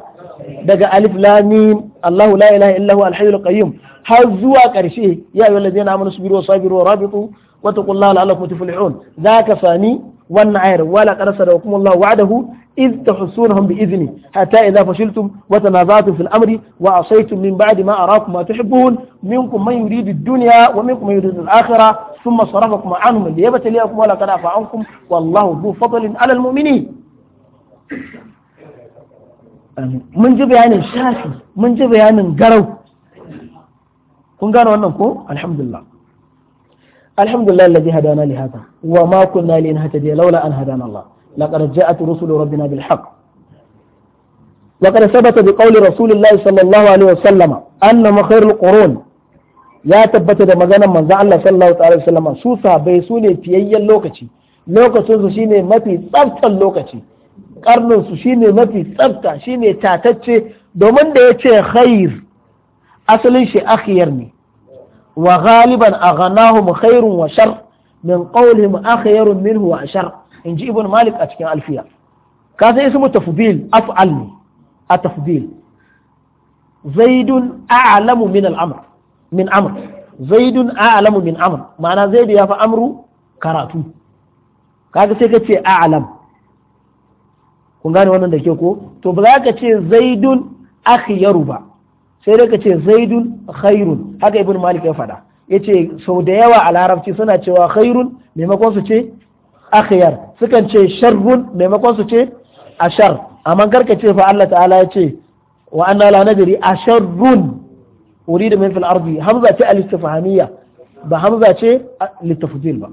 daga alif lam mim allahu la ilaha illa huwa al-hayyul qayyum har zuwa karshe ya ayyuhallazina amanu subiru wasabiru warabitu واتقوا الله لعلكم تفلحون ذاك فاني والنعير ولا قد صدقكم الله وعده إذ تحسونهم بإذنه حتى إذا فشلتم وتنازعتم في الأمر وعصيتم من بعد ما أراكم ما تحبون منكم من يريد الدنيا ومنكم من يريد الآخرة ثم صرفكم عنهم ليبتليكم ولا قد عفى عنكم والله ذو فضل على المؤمنين من جب يعني shafi من جب يعني garau kun قالوا أنكم الحمد لله alhamdulillah alladhi hadana li hadha wa ma kunna linahtadiya laula an hadana Allah laqad ja'at rusulu rabbina bil ثبت بقول رسول الله صلى الله عليه وسلم أن مخير القرون ya tabbata da maganar manzo Allah sallallahu alaihi wasallam su sahabbai su ne fiyayyen lokaci lokacinsu su shine mafi tsaftan lokaci karnin su shine mafi tsabta, shine tatacce domin da yace khair asalin shi akhiyar ne wa ghaliban aghnahum khairun wa shar min qawlihim akhayrun minhu wa ashar inji ibn malik a cikin alfiya ka sai ismu tafdil af'al ne a tafdil zaidun a'lamu min al-amr min amr min ya fi amru karatu kaga sai ka ce a'lam kun gane wannan da ke ko to ba za ka ce zaidun akhyaru ba sai dai ka ce zaidun khairun haka ibn malik ya faɗa ce sau da yawa a larabci suna cewa khairun maimakon su ce akhyar sukan ce sharrun maimakon su ce ashar amma karka ce fa Allah ta'ala ya ce wa anna la nadri asharrun urid min fil ardi hamza ce al-istifhamiyya ba hamza ce litafdil ba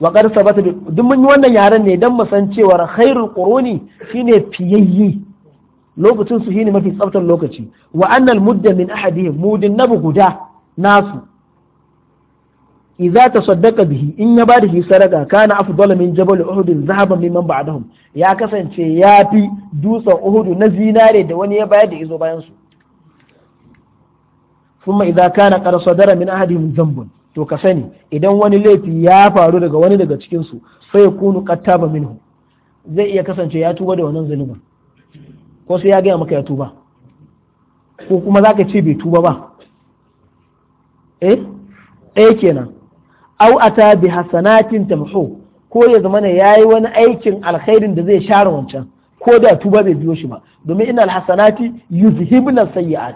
wa qad sabata duk mun yi wannan yaren ne dan mu san cewa khairul quruni shine fiyayyi lokacin su shine mafi tsaftar lokaci wa annal mudda min ahadihim mudin nabu guda nasu idza tasaddaqa bihi in ya bada shi sadaka kana afdalu min jabal uhud zahaban mimman ba'dahum ya kasance yafi dutsen uhud na zinare da wani ya bayar da izo bayan su kuma idza kana qad sadara min ahadihim dhanbun to ka sani idan wani laifi ya faru daga wani daga cikin su sai kunu qattaba minhu zai iya kasance ya tuba da wannan zalunci ko sai ya gaya maka ya tuba ko kuma za ka ce bai tuba ba eh, eh kenan au ata bi hasanatin tamhu ko ya zama ne yayi wani aikin alkhairin da zai share wancan ko da tuba bai biyo shi ba domin innal hasanati yuzhibna sayiat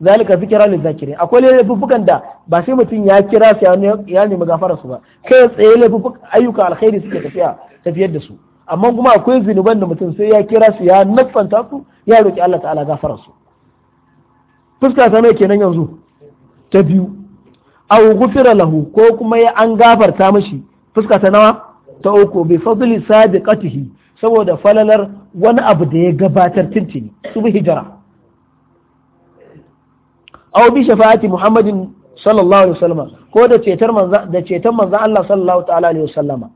zalika zikra lil zakirin akwai laifukan da ba sai mutum ya kira su ya nemi gafara su ba kai tsaye laifukan ayyuka alkhairi suke tafiya tafiyar da su amma kuma akwai zunuban da mutum sai ya kira su ya nafanta su ya roki Allah ta'ala gafara su fuska ta mai kenan yanzu ta biyu a gufira lahu ko kuma ya an gafarta mashi. fuska ta nawa ta uku bi fadli sadiqatihi saboda falalar wani abu da ya gabatar tintini su bi hijira aw bi shafa'ati muhammadin sallallahu alaihi wasallam ko da cetar manzo da cetar manzo Allah sallallahu ta'ala alaihi wasallama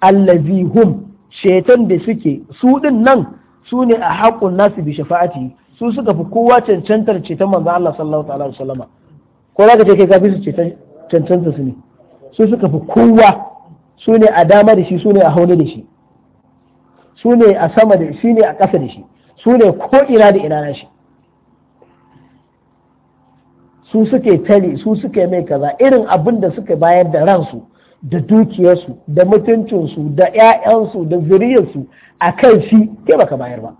allazi hum shetan da suke su din nan su ne a haƙun nasu bi shafa'ati su suka fi kowa cancantar ceton manzo Allah sallallahu ta'ala wa sallama ko ka ce kai ka fi su ceton cancanta su ne su suka fi kowa su ne a dama da shi su ne a haune da shi su ne a sama da shi ne a ƙasa da shi su ne ko ina da ina na shi su suke tali su suke mai kaza irin abin da suka bayar da ransu da dukiyarsu da mutuncinsu da 'ya'yansu da zuriyarsu a kan shi ke baka bayar ba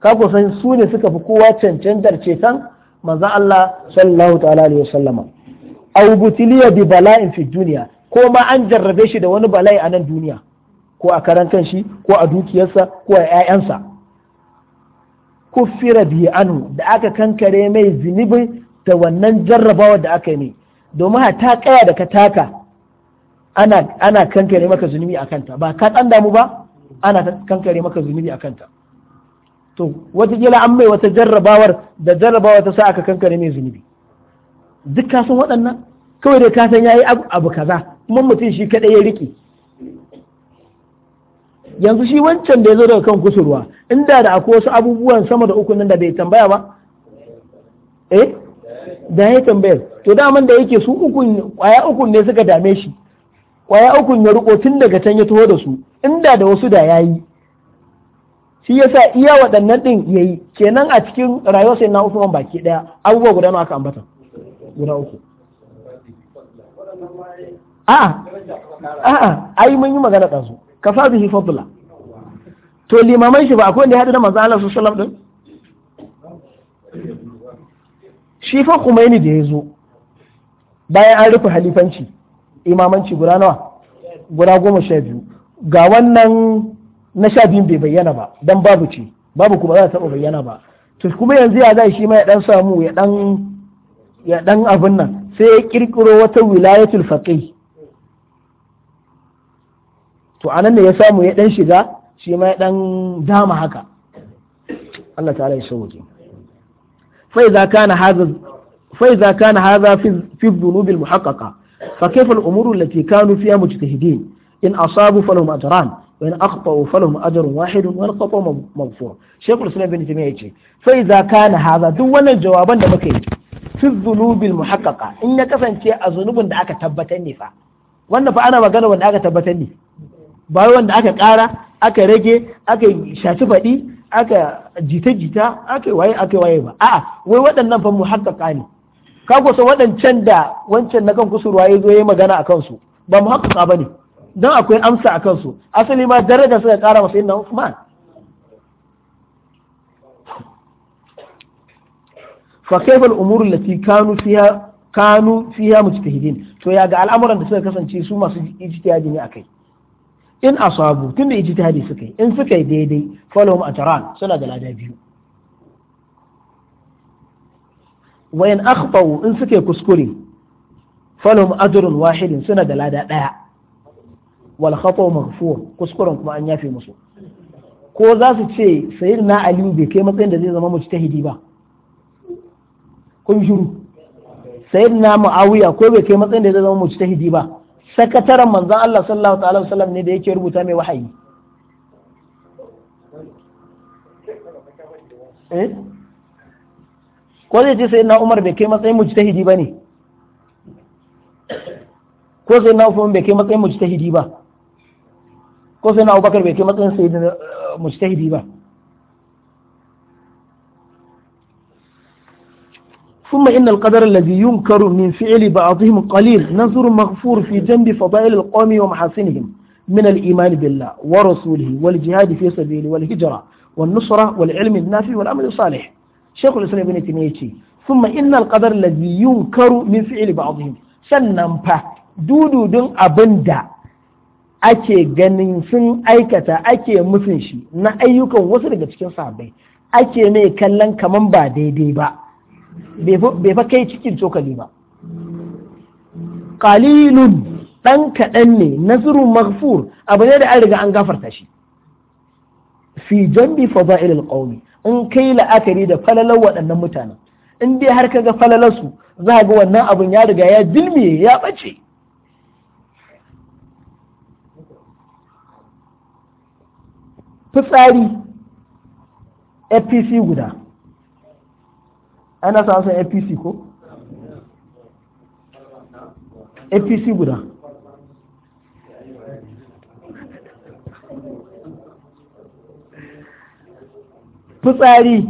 ka kusan su ne suka fi kowa cancantar ceton manzan Allah sallallahu ta'ala alaihi wasallama aw butiliya bi bala'in fi duniya ko ma an jarrabe shi da wani bala'i a nan duniya ko a karan kan shi ko a dukiyarsa ko a 'ya'yansa kuffira biyu anu da aka kankare mai zunubi da wannan jarrabawa da aka yi domin ta kaya da ka taka ana kankare maka zunubi a kanta ba ka ɗan damu ba ana kankare maka zunubi a kanta to wataƙila an mai wata jarrabawar da jarrabawar ta sa aka kankare mai zunubi duk ka san waɗannan kawai da ka san yayi abu kaza kuma mutum shi kadai ya riƙe yanzu shi wancan da ya zo daga kan kusurwa inda da akwai wasu abubuwan sama da uku nan da bai tambaya ba eh da ya tambaya to daman da yake su uku kwaya uku ne suka dame shi kwaya uku ya riko tun daga can ya taho da su inda da wasu da yayi shi yasa iya waɗannan din yayi kenan a cikin rayuwar sai na Usman baki daya abubuwa guda nawa aka ambata guda uku a'a a ai mun yi magana da su ka fa bihi fadla to limaman shi ba akwai wanda ya hadu da manzo Allah sallallahu alaihi wasallam din shi fa ne da ya zo bayan an rufe halifanci imamanci guda nawa guda goma sha biyu ga wannan na sha biyun bai bayyana ba dan babu ce babu kuma za ta bayyana ba to kuma yanzu ya zai shi ma ya dan samu ya dan abin nan sai ya kirkiro wata wilayatul faqih to anan ne ya samu ya dan shiga shi ma ya dan dama haka Allah ta'ala ya sauke fa idza kana hadha fa idza kana hadha fi dhunubil fa kayfa al-umuru allati kanu fiha mujtahidin in asabu falahum ajran wa in akhtau falahum ajrun wahid wa in qata'u maghfur shaykh al-islam ibn taymiyyah yace fa idza na hadha duk wannan jawaban da muka yi fi in ya kasance a zunubin da aka tabbatar fa wannan fa ana magana wanda aka tabbatar ne ba wanda aka ƙara aka rage aka shaci faɗi aka jita-jita aka waye aka waye ba a'a wai waɗannan fa muhaqqaqa ne ka kusa waɗancan da wancan na kan kusurwa ya zo ya magana a kansu ba mu haƙƙa ba ne don akwai amsa a kansu asali ma daraja suka ƙara masa na Usman fa kaifa al-umur allati kanu fiha kanu fiha mujtahidin to ya ga al'amuran da suka kasance su masu ijtihadi ne akai in asabu tunda ijtihadi suka yi in suka yi daidai falahum ajran suna da lada biyu wa in in suke kuskure falhum ajrun wahidin suna da lada daya wal khata'u maghfur kuskuren kuma an yafe musu ko za su ce sayyidina ali bai kai matsayin da zai zama mujtahidi ba kun shiru sayyidina muawiya ko bai kai matsayin da zai zama mujtahidi ba sakataren manzon Allah sallallahu ta'ala wasallam ne da yake rubuta mai wahayi eh ko zai ce sai na umar bai kai matsayin mujtahidi ba ne ko sai na umar bai kai matsayin mujtahidi ba ko sai na abubakar bai kai matsayin sai da eh, mujtahidi ba ثم إن القدر الذي ينكر من فعل بعضهم قليل نظر مغفور في جنب فضائل القوم ومحاسنهم من الإيمان بالله ورسوله والجهاد في سبيله والهجرة والنصرة والعلم النافع والعمل الصالح shekul islam ibn taymiya yace thumma innal qadar ladhi yunkaru min fi'li ba'dihim sannan fa dududun abinda ake ganin sun aikata ake musun shi na ayyukan wasu daga cikin sahabbai ake mai kallon kaman ba daidai ba bai fa kai cikin cokali ba qalilun ɗan kaɗan ne nasiru maghfur abu ne da an riga an gafarta shi fi jambi fadailil qawmi in kai la'akari da falalar waɗannan mutane, in dai har ka ga falalarsu za ga wannan abin ya riga ya jilme ya ɓace fitsari fpc guda ana samun fpc ko fpc guda fitsari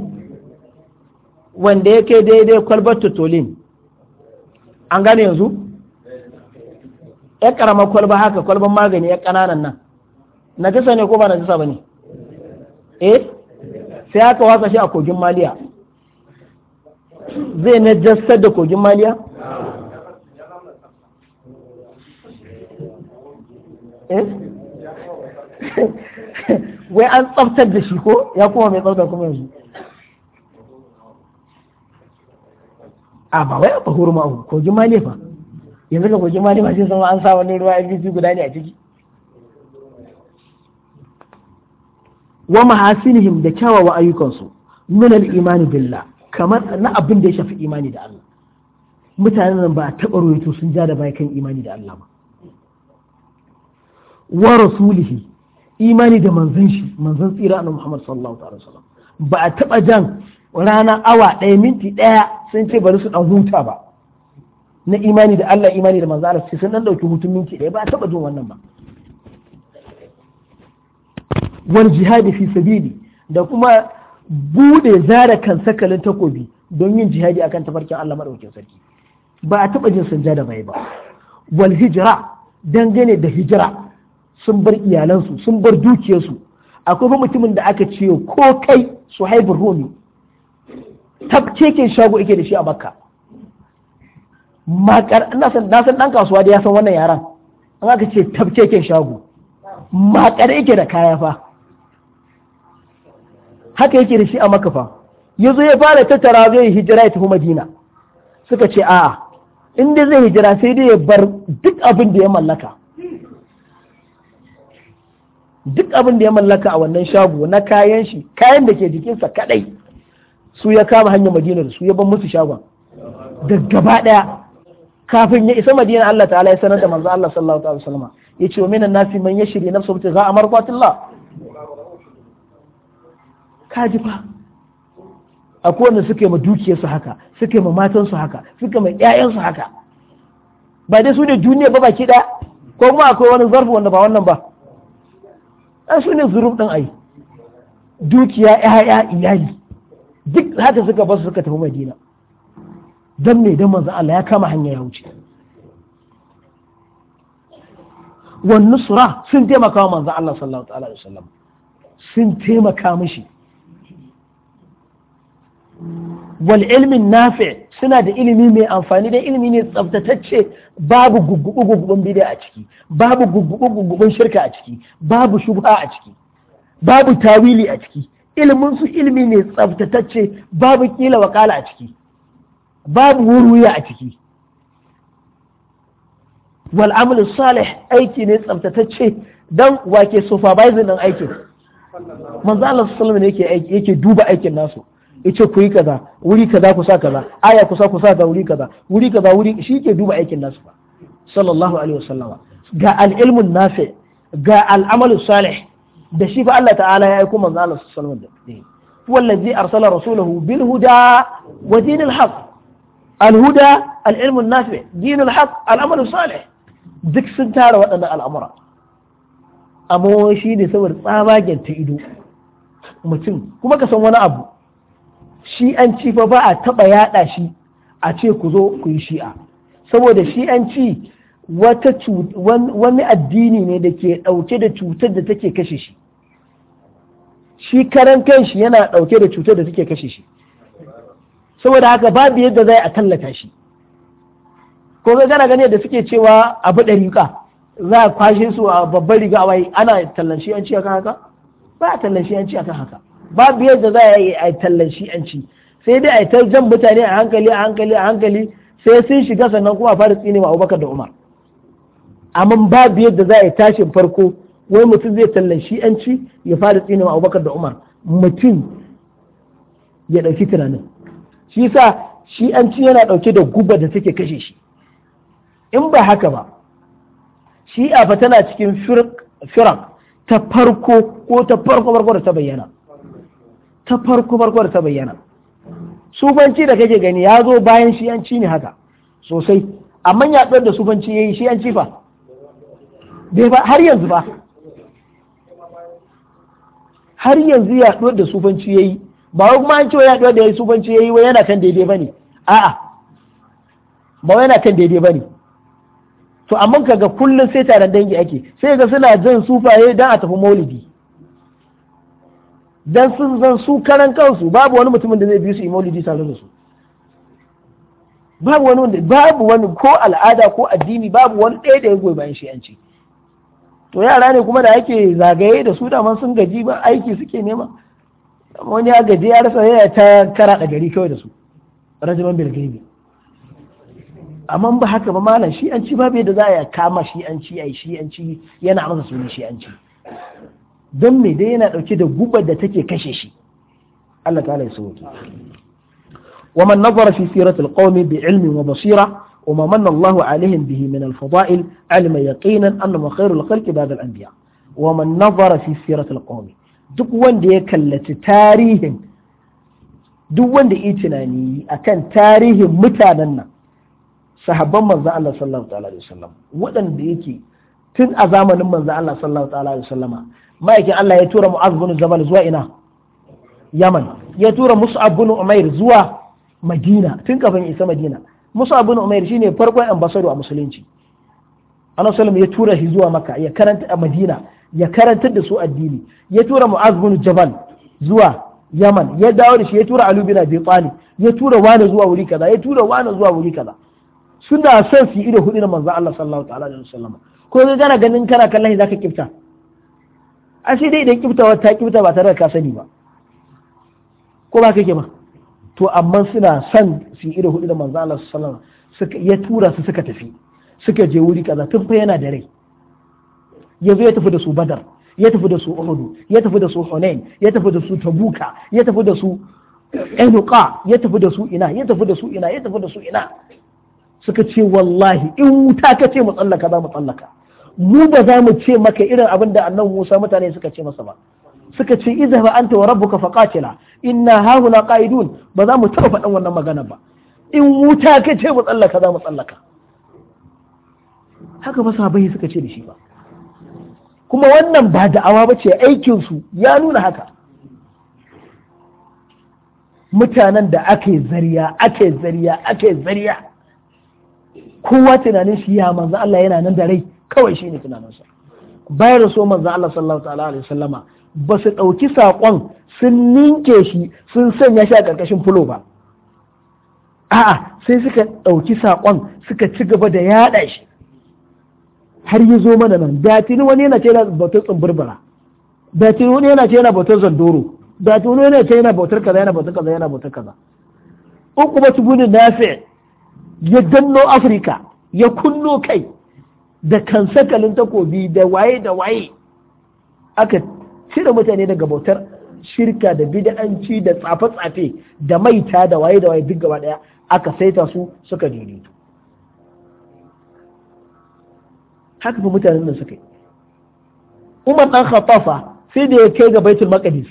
wanda yake daidai kwalbar tutulin an gane yanzu ya karama kwalba haka kwalban magani ya kananan nan na jisa ne ko ba na jisa ba ne eh sai aka watsa shi a kogin maliya zai na jassar da kogin maliya eh (laughs) wai an tsaftar da shi ko ya kuma mai tsafta kuma yanzu a ba wai ba hurma ko kogin male fa yanzu ga kogin male ba sai sama an sa wani ruwa abc guda ne a ciki wa mahasinihim da wa ayyukansu min al-imani billah kamar na abin da ya shafi imani da Allah mutanen nan ba a taɓa ruwaito sun ja da bayan kan imani da Allah ba wa rasulihi imani da manzon shi manzon tsira annabi Muhammad sallallahu alaihi wasallam ba a taba jan rana awa ɗaya minti ɗaya sun ce bari su dan huta ba na imani da Allah imani da manzon Allah sai sun dan dauki hutun minti ɗaya ba a taba jin wannan ba wal jihadi fi sabili da kuma bude zara kan sakalin takobi don yin jihadi akan tafarkin Allah madaukakin sarki ba a taba jin sanja da bai ba wal hijra dangane da hijira sun bar iyalansu sun bar dukiyarsu akwai mutumin da aka ce ko kai su romi ta tafkeken shago yake da shi a makka makar na san dan kasuwa da ya san wannan yaran an aka ce tafkeken shago makar yake da kaya fa haka yake da shi a makka fa yazo ya fara tattara zai hijira ya tafi madina suka ce a'a in dai zai hijira sai dai ya bar duk abin da ya mallaka duk abin da ya mallaka a wannan shago na kayan shi kayan da ke jikinsa kadai su ya kama hanyar madina da su ya ban musu shagon da gaba daya kafin ya isa madina Allah ta'ala ya sanar da manzo Allah sallallahu alaihi wasallam ce wa minan nasi man yashri nafsu bi za'a marqatillah kaji fa akwai wanda suke yi ma dukiyarsu haka suke yi ma matansu haka suke yi ma ƴaƴansu haka ba dai su ne duniya ba baki ɗaya ko kuma akwai wani zarfi wanda ba wannan ba An su ne zuruf ɗin ai dukiya ya'ya iyali duk haka suka basu suka tafi madina don me don manzo Allah ya kama hanya ya wuce wannan sura sun taimaka wa manzo Allah sallallahu alaihi sun taimaka mishi wal ilmin nafi suna da ilimi mai amfani da ilimi ne tsaftatacce babu guggubu guggubun bid'a a ciki babu guggubu shirka a ciki babu shubha a ciki babu tawili a ciki ilimin su ilimi ne tsaftatacce babu kila wakala a ciki babu wuruya a ciki wal amalu salih aiki ne tsaftatacce dan wake supervising din aikin manzo Allah sallallahu alaihi wasallam yake duba aikin nasu yace ku yi kaza wuri kaza ku sa kaza aya kusa ku sa wuri kaza wuri kaza wuri shi ke duba aikin nasu ba sallallahu alaihi wasallama ga al'ilmun ilmun nafi ga al'amalu amalu salih da shi fa Allah ta'ala ya aiko manzo Allah sallallahu alaihi wasallam huwa allazi arsala rasulahu bil huda wa dinil haqq al-huda al-ilmu an-nafi dinul haqq al-amalu salih duk sun tara waɗannan al'amura amma shi ne saboda tsabagen ta ido mutum kuma ka san wani abu shi'anci fa ba a taɓa yaɗa shi a ce ku zo ku yi shi'a saboda shi'anci wata wani addini ne da ke ɗauke da cutar da take kashe shi shi karan kanshi yana ɗauke da cutar da take kashe shi saboda haka babu yadda zai a tallata shi ko ga gana gane da suke cewa abu ɗariƙa za a kwashe su a babbar riga a ana tallan shi'anci akan haka ba a tallan shi'anci akan haka babu yadda za a yi a tallan shi'anci sai dai a yi ta jan mutane a hankali a hankali a hankali sai sun shiga sannan kuma a fara tsini ma Abubakar da Umar amma babu yadda za a yi tashin farko wai mutum zai tallan shi'anci ya fara tsini ma Abubakar da Umar mutum ya ɗauki tunanin shi yasa shi'anci yana ɗauke da guba da take kashe shi in ba haka ba shi'a fa tana cikin firak ta farko ko ta farko farko da ta bayyana ta farko farko da ta bayyana sufanci da kake gani ya zo bayan shiyanci ne haka sosai amma ya da sufanci yayi shi'anci fa ba har yanzu ba har yanzu yaɗuwar da sufanci ya yi ba kuma an cewa yaɗuwar da ya yi sufanci ya yi wai yana kan daidai ba ne a'a ba wai yana kan daidai ba ne to amma kaga kullum sai taron dangi ake sai ga suna jan sufaye don a tafi maulidi dan sun zan su karan kansu babu wani mutumin da zai bi su imaulidi tare da su babu wani wanda babu wani ko al'ada ko addini babu wani ɗaya da ya goyi bayan shi'anci to yara ne kuma da ake zagaye da su daman sun gaji ba aiki suke nema wani ya gaji ya rasa yaya ta kara da gari kawai da su rajiman bilgaibi amma ba haka ba malam shi'anci babu yadda za a kama shi'anci ai shi'anci yana masa sunan shi'anci don me dai yana dauke da gubar da take kashe shi Allah ta'ala ya sauke wa man nazara fi sirati alqawmi bi ilmin wa basira wa ma manna Allahu alaihim bihi min alfadail alima yaqinan annahum khairul khalqi ba'da al-anbiya wa man nazara fi sirati alqawmi duk wanda ya kallaci tarihin duk wanda yi tunani akan tarihin mutanen nan sahabban manzan Allah sallallahu alaihi wasallam waɗanda yake tun a zamanin manzan Allah sallallahu alaihi wasallama ma'aikin Allah ya tura Mu'az bin Jabal zuwa ina Yaman ya tura Mus'ab bin Umair zuwa Madina tun kafin isa Madina Mus'ab bin Umair shine farkon ambassador a musulunci Annabi sallallahu ya tura shi zuwa Makka ya karanta a Madina ya karantar da su addini ya tura Mu'az bin Jabal zuwa Yaman ya dawo da shi ya tura Ali bin Abi Talib ya tura wani zuwa wuri kaza ya tura wani zuwa wuri kaza suna son su yi ido hudu na manzo Allah sallallahu ta'ala alaihi wasallam ko kana ganin kana kallon zaka kifta a sai dai idan kibtawa ta kibta ba tare da ka sani ba ko ba kake ba to amma suna son su yi ido hudu da manzo Allah sallallahu alaihi wasallam ya tura su suka tafi suka je wuri kaza tun fa yana da rai yanzu ya tafi da su Badar ya tafi da su Uhud ya tafi da su Hunain ya tafi da su Tabuka ya tafi da su enuka ya tafi da su ina ya tafi da su ina ya tafi da su ina suka ce wallahi in wuta ka ce mu tsallaka za mu tsallaka mu ba za mu ce maka irin abin da annabi Musa mutane suka ce masa ba suka ce ba anta wa rabbuka faqatila inna hauna qa'idun ba za mu taba faɗan wannan magana ba in wuta ka ce mu tsallaka za mu tsallaka haka ba sahabbai suka ce da shi ba kuma wannan ba da'awa ba ce aikin su ya nuna haka mutanen da ake zariya ake zariya ake zariya kowa tunanin shi ya manzo Allah yana nan da rai kawai shi ne tunaninsa bayar da so manzan Allah sallallahu ta'ala alaihi wasallama ba su ɗauki saƙon sun ninke shi sun sanya shi a ƙarƙashin fulo ba a'a sai suka ɗauki saƙon suka ci gaba da yaɗa shi har yi zo mana nan da tuni wani yana ce yana bautar tsumburbura da tuni wani yana ce yana bautar zandoro da tuni wani yana ce yana bautar kaza yana bautar kaza yana bautar kaza uku ba tubuni nafi ya danno afirka ya kunno kai da kansakalin takobi da waye da waye aka cire mutane daga bautar shirka da bid'anci da tsafe-tsafe da maita da waye da waye duk gaba daya aka saita su suka dini haka fa mutanen nan suka yi Umar dan Khattafa sai da ya kai ga Baitul Maqdis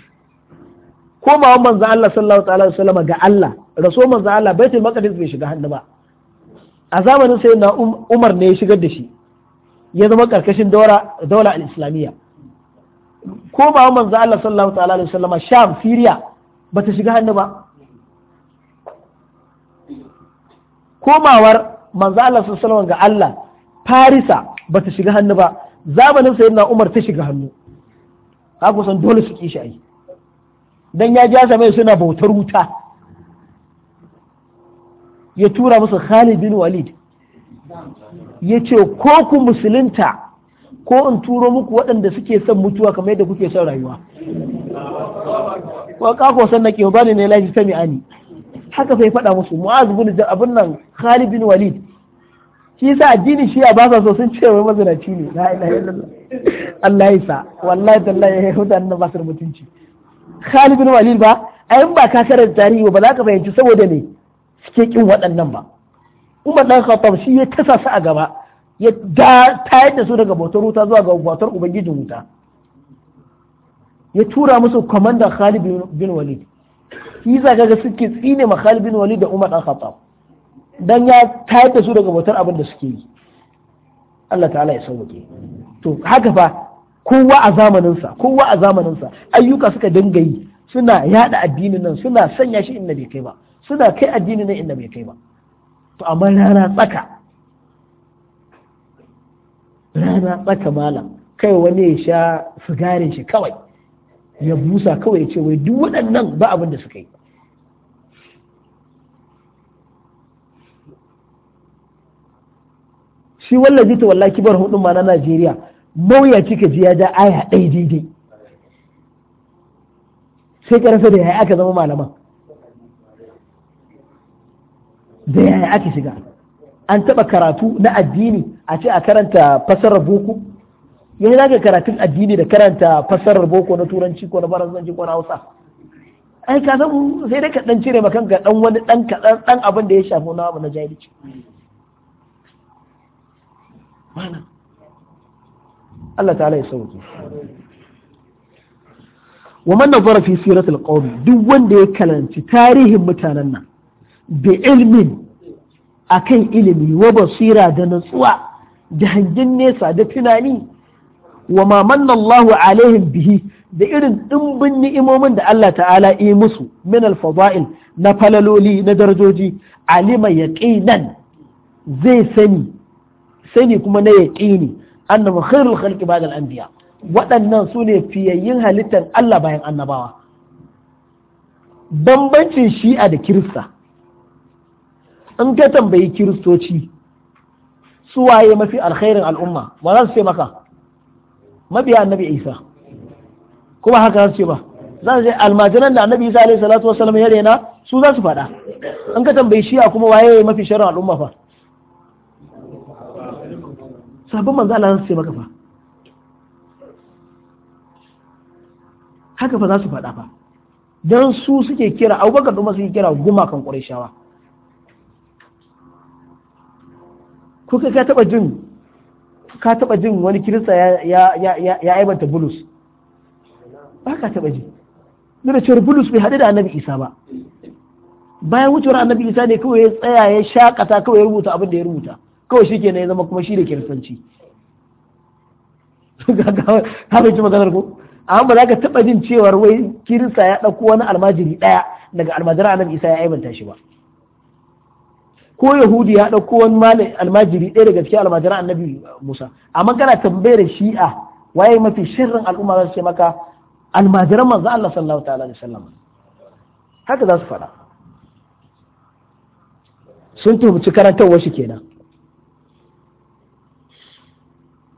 komawa manzo Allah sallallahu ta'ala alaihi wasallam ga Allah raso manzo Allah Baitul Maqdis bai shiga hannu ba a zamanin sai na Umar ne ya shigar da shi ya zama karkashin daula al-islamiyya ko ba manzo Allah sallallahu ta'ala alaihi wasallama sham siriya ta shiga hannu ba komawar manzo Allah sallallahu ga Allah Farisa ba ta shiga hannu ba zamanin sayyidina Umar ta shiga hannu ku san dole su shi ai dan ya ja mai suna bautar wuta ya tura musu Khalid bin Walid ya ce ko ku musulunta ko in turo muku waɗanda suke son mutuwa kamar yadda kuke son rayuwa ko kako san nake ba ne lafi sami ani haka sai faɗa musu mu'az bin abin nan Khalid bin Walid shi sa addini shi ba sa so sun ce wai mazinaci ne la ilaha illallah Allah ya sa wallahi tallahi ya huda nan basar mutunci Khalid bin Walid ba ai ba ka karanta tarihi ba za ka fahimci saboda ne suke kin waɗannan ba umar dan khattab shi ya kasa su a gaba ya tayar da su daga bautar wuta zuwa ga bautar ubangijin wuta ya tura musu kwamandan Khalid bin Walid shi za ga suke tsine ma Khalid bin Walid da Umar dan Khattab dan ya tayar da su daga bautar abin da suke yi Allah ta'ala ya sauke to haka fa kowa a zamanin sa kowa a zamanin sa ayyuka suka dinga yi suna yada addinin nan suna sanya shi inda bai kai ba suna kai addinin nan inda bai kai ba to amma rana tsaka rana tsaka malam kai wani ya sha sigarin shi kawai ya busa kawai ya ce wai duk waɗannan ba abin da suka yi shi wallazi ta wallaki kibar hudun ma na Najeriya mawuyaci kika ji ya ja aya ɗaya daidai sai ka rasa da yaya aka zama malaman da yaya ake shiga an taba karatu na addini a ce a karanta fasarar boko yanzu za ka karatun addini da karanta fasarar boko na turanci ko na faransanci ko na hausa ai ka san sai dai ka dan cire ma ga dan wani dan kadan dan abin da ya shafi na abu na jahilci mana Allah ta'ala ya sauke wa man nazara fi siratil qawmi duk wanda ya kalanci tarihin mutanen nan bi ilmin akan ilimi wa basira da natsuwa da nesa da tunani wa ma manna Allahu alaihim bihi da irin dimbin ni'imomin da Allah ta'ala yi musu min al na falaloli na darajoji alima yaqinan zai sani sani kuma na yaqini annahu khairul khalqi ba'da al-anbiya waɗannan su ne fiyayyin halittar Allah bayan annabawa bambancin shi'a da kirista in ka tambayi kiristoci su waye mafi alkhairin al'umma ba za su ce maka mabiya annabi isa kuma haka za su ce ba za su ce almajiran da annabi isa alaihi salatu wasallam ya rena su za su faɗa in ka tambayi shi'a kuma waye mafi shirin al'umma fa Sabbin manzo Allah za su ce maka fa haka fa za su faɗa fa dan su suke kira abubakar kuma suke kira gumakan ƙurashawa kuka ka taba jin ka taba jin wani kirista ya aibanta bulus ba ka taba ji nuna cewar bulus bai haɗu da annabi isa ba bayan wucewar annabi isa ne kawai ya tsaya ya shakata kawai ya rubuta abin da ya rubuta kawai shi ya zama kuma shi da kiristanci (laughs) ka bai ci maganar ko amma ba za ka taba jin cewar wai kirista ya ɗauko wani almajiri ɗaya daga almajiran annabi isa ya aibanta shi ba ko yahudi ya ɗauko wani malin almajiri ɗaya daga cikin almajiran annabi musa amma kana tambayar shi'a waye mafi shirin al'umma za su ce maka almajiran manzo Allah sallallahu ta'ala alaihi wasallam haka za su faɗa sun tuhumci karantarwar shi kenan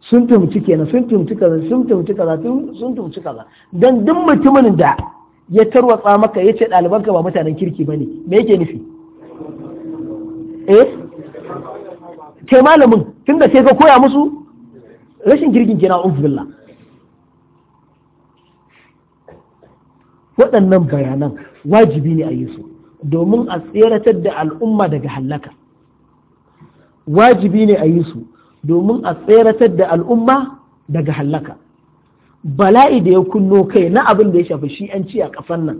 sun tuhumci kenan sun tuhumci kaza sun tuhumci kaza sun tuhumci kaza dan duk mutumin da ya tarwatsa maka yace ɗalibanka ba mutanen kirki bane me yake nufi E? ke malamin tun da sai ka koya musu rashin girgin kenan billa. waɗannan bayanan wajibi ne a yi su domin a tseratar da al'umma daga hallaka wajibi ne a yi su domin a tseratar da al'umma daga hallaka bala'i da ya kunno kai na abin da ya shafi shi'anci a kasan nan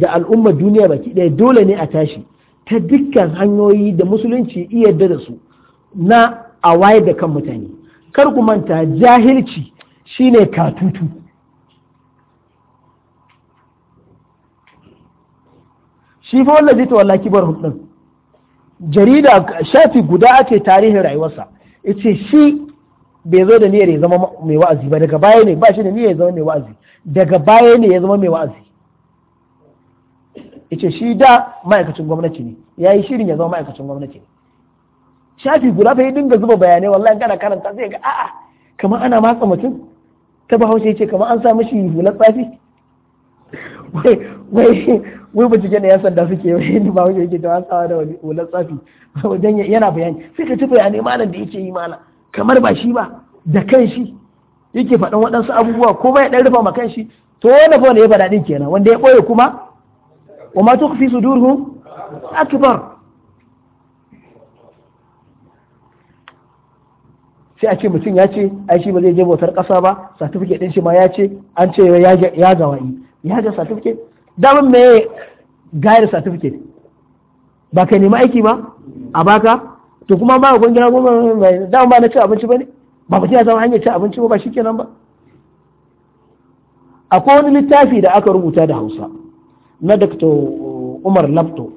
da al'umma duniya baki ɗaya dole ne a tashi ta dukkan hanyoyi da musulunci iya da su na a waye da kan mutane kar ku manta jahilci shine katutu shi fa zai ta wallaki kibar hudun jarida shafi guda ake tarihin rayuwarsa yace shi bai zo da niyyar ya zama mai wa'azi ba daga baya ne ba shi da niyyar ya zama mai wa'azi daga baya ne ya zama mai wa'azi yace shi da ma'aikacin gwamnati ne ya yi shirin ya zama ma'aikacin gwamnati ne shafi guda fa yi dinga zuba bayanai wallahi kana karanta sai ga a'a kamar ana matsa mutum ta bahaushe yace kamar an sa mishi hular tsafi wai wai wai bincike ne ya sanda suke wai ni wuce yake da wasawa da hular tsafi wajen yana bayani sai ka ci bayanai malam da yake yi malam kamar ba shi ba da kan shi yake faɗin waɗansu abubuwa ko ba ya ɗan rufa ma kan shi to wani fa wani ya faɗa ɗin kenan wanda ya ɓoye kuma وما تخفي tukhfi أكبر sai a ce mutum ya ce ai shi ba zai je bautar ƙasa ba satifike ɗin shi ma ya ce an ce ya ga wa'i ya ga certificate daman me gayar satifike ba ka nemi aiki ba a baka to kuma ba ka gina goma damar ba na ci abinci ba ne ba mutum ya zama hanyar ci abinci ba ba shi kenan ba akwai wani littafi da aka rubuta da hausa na dr umar lafto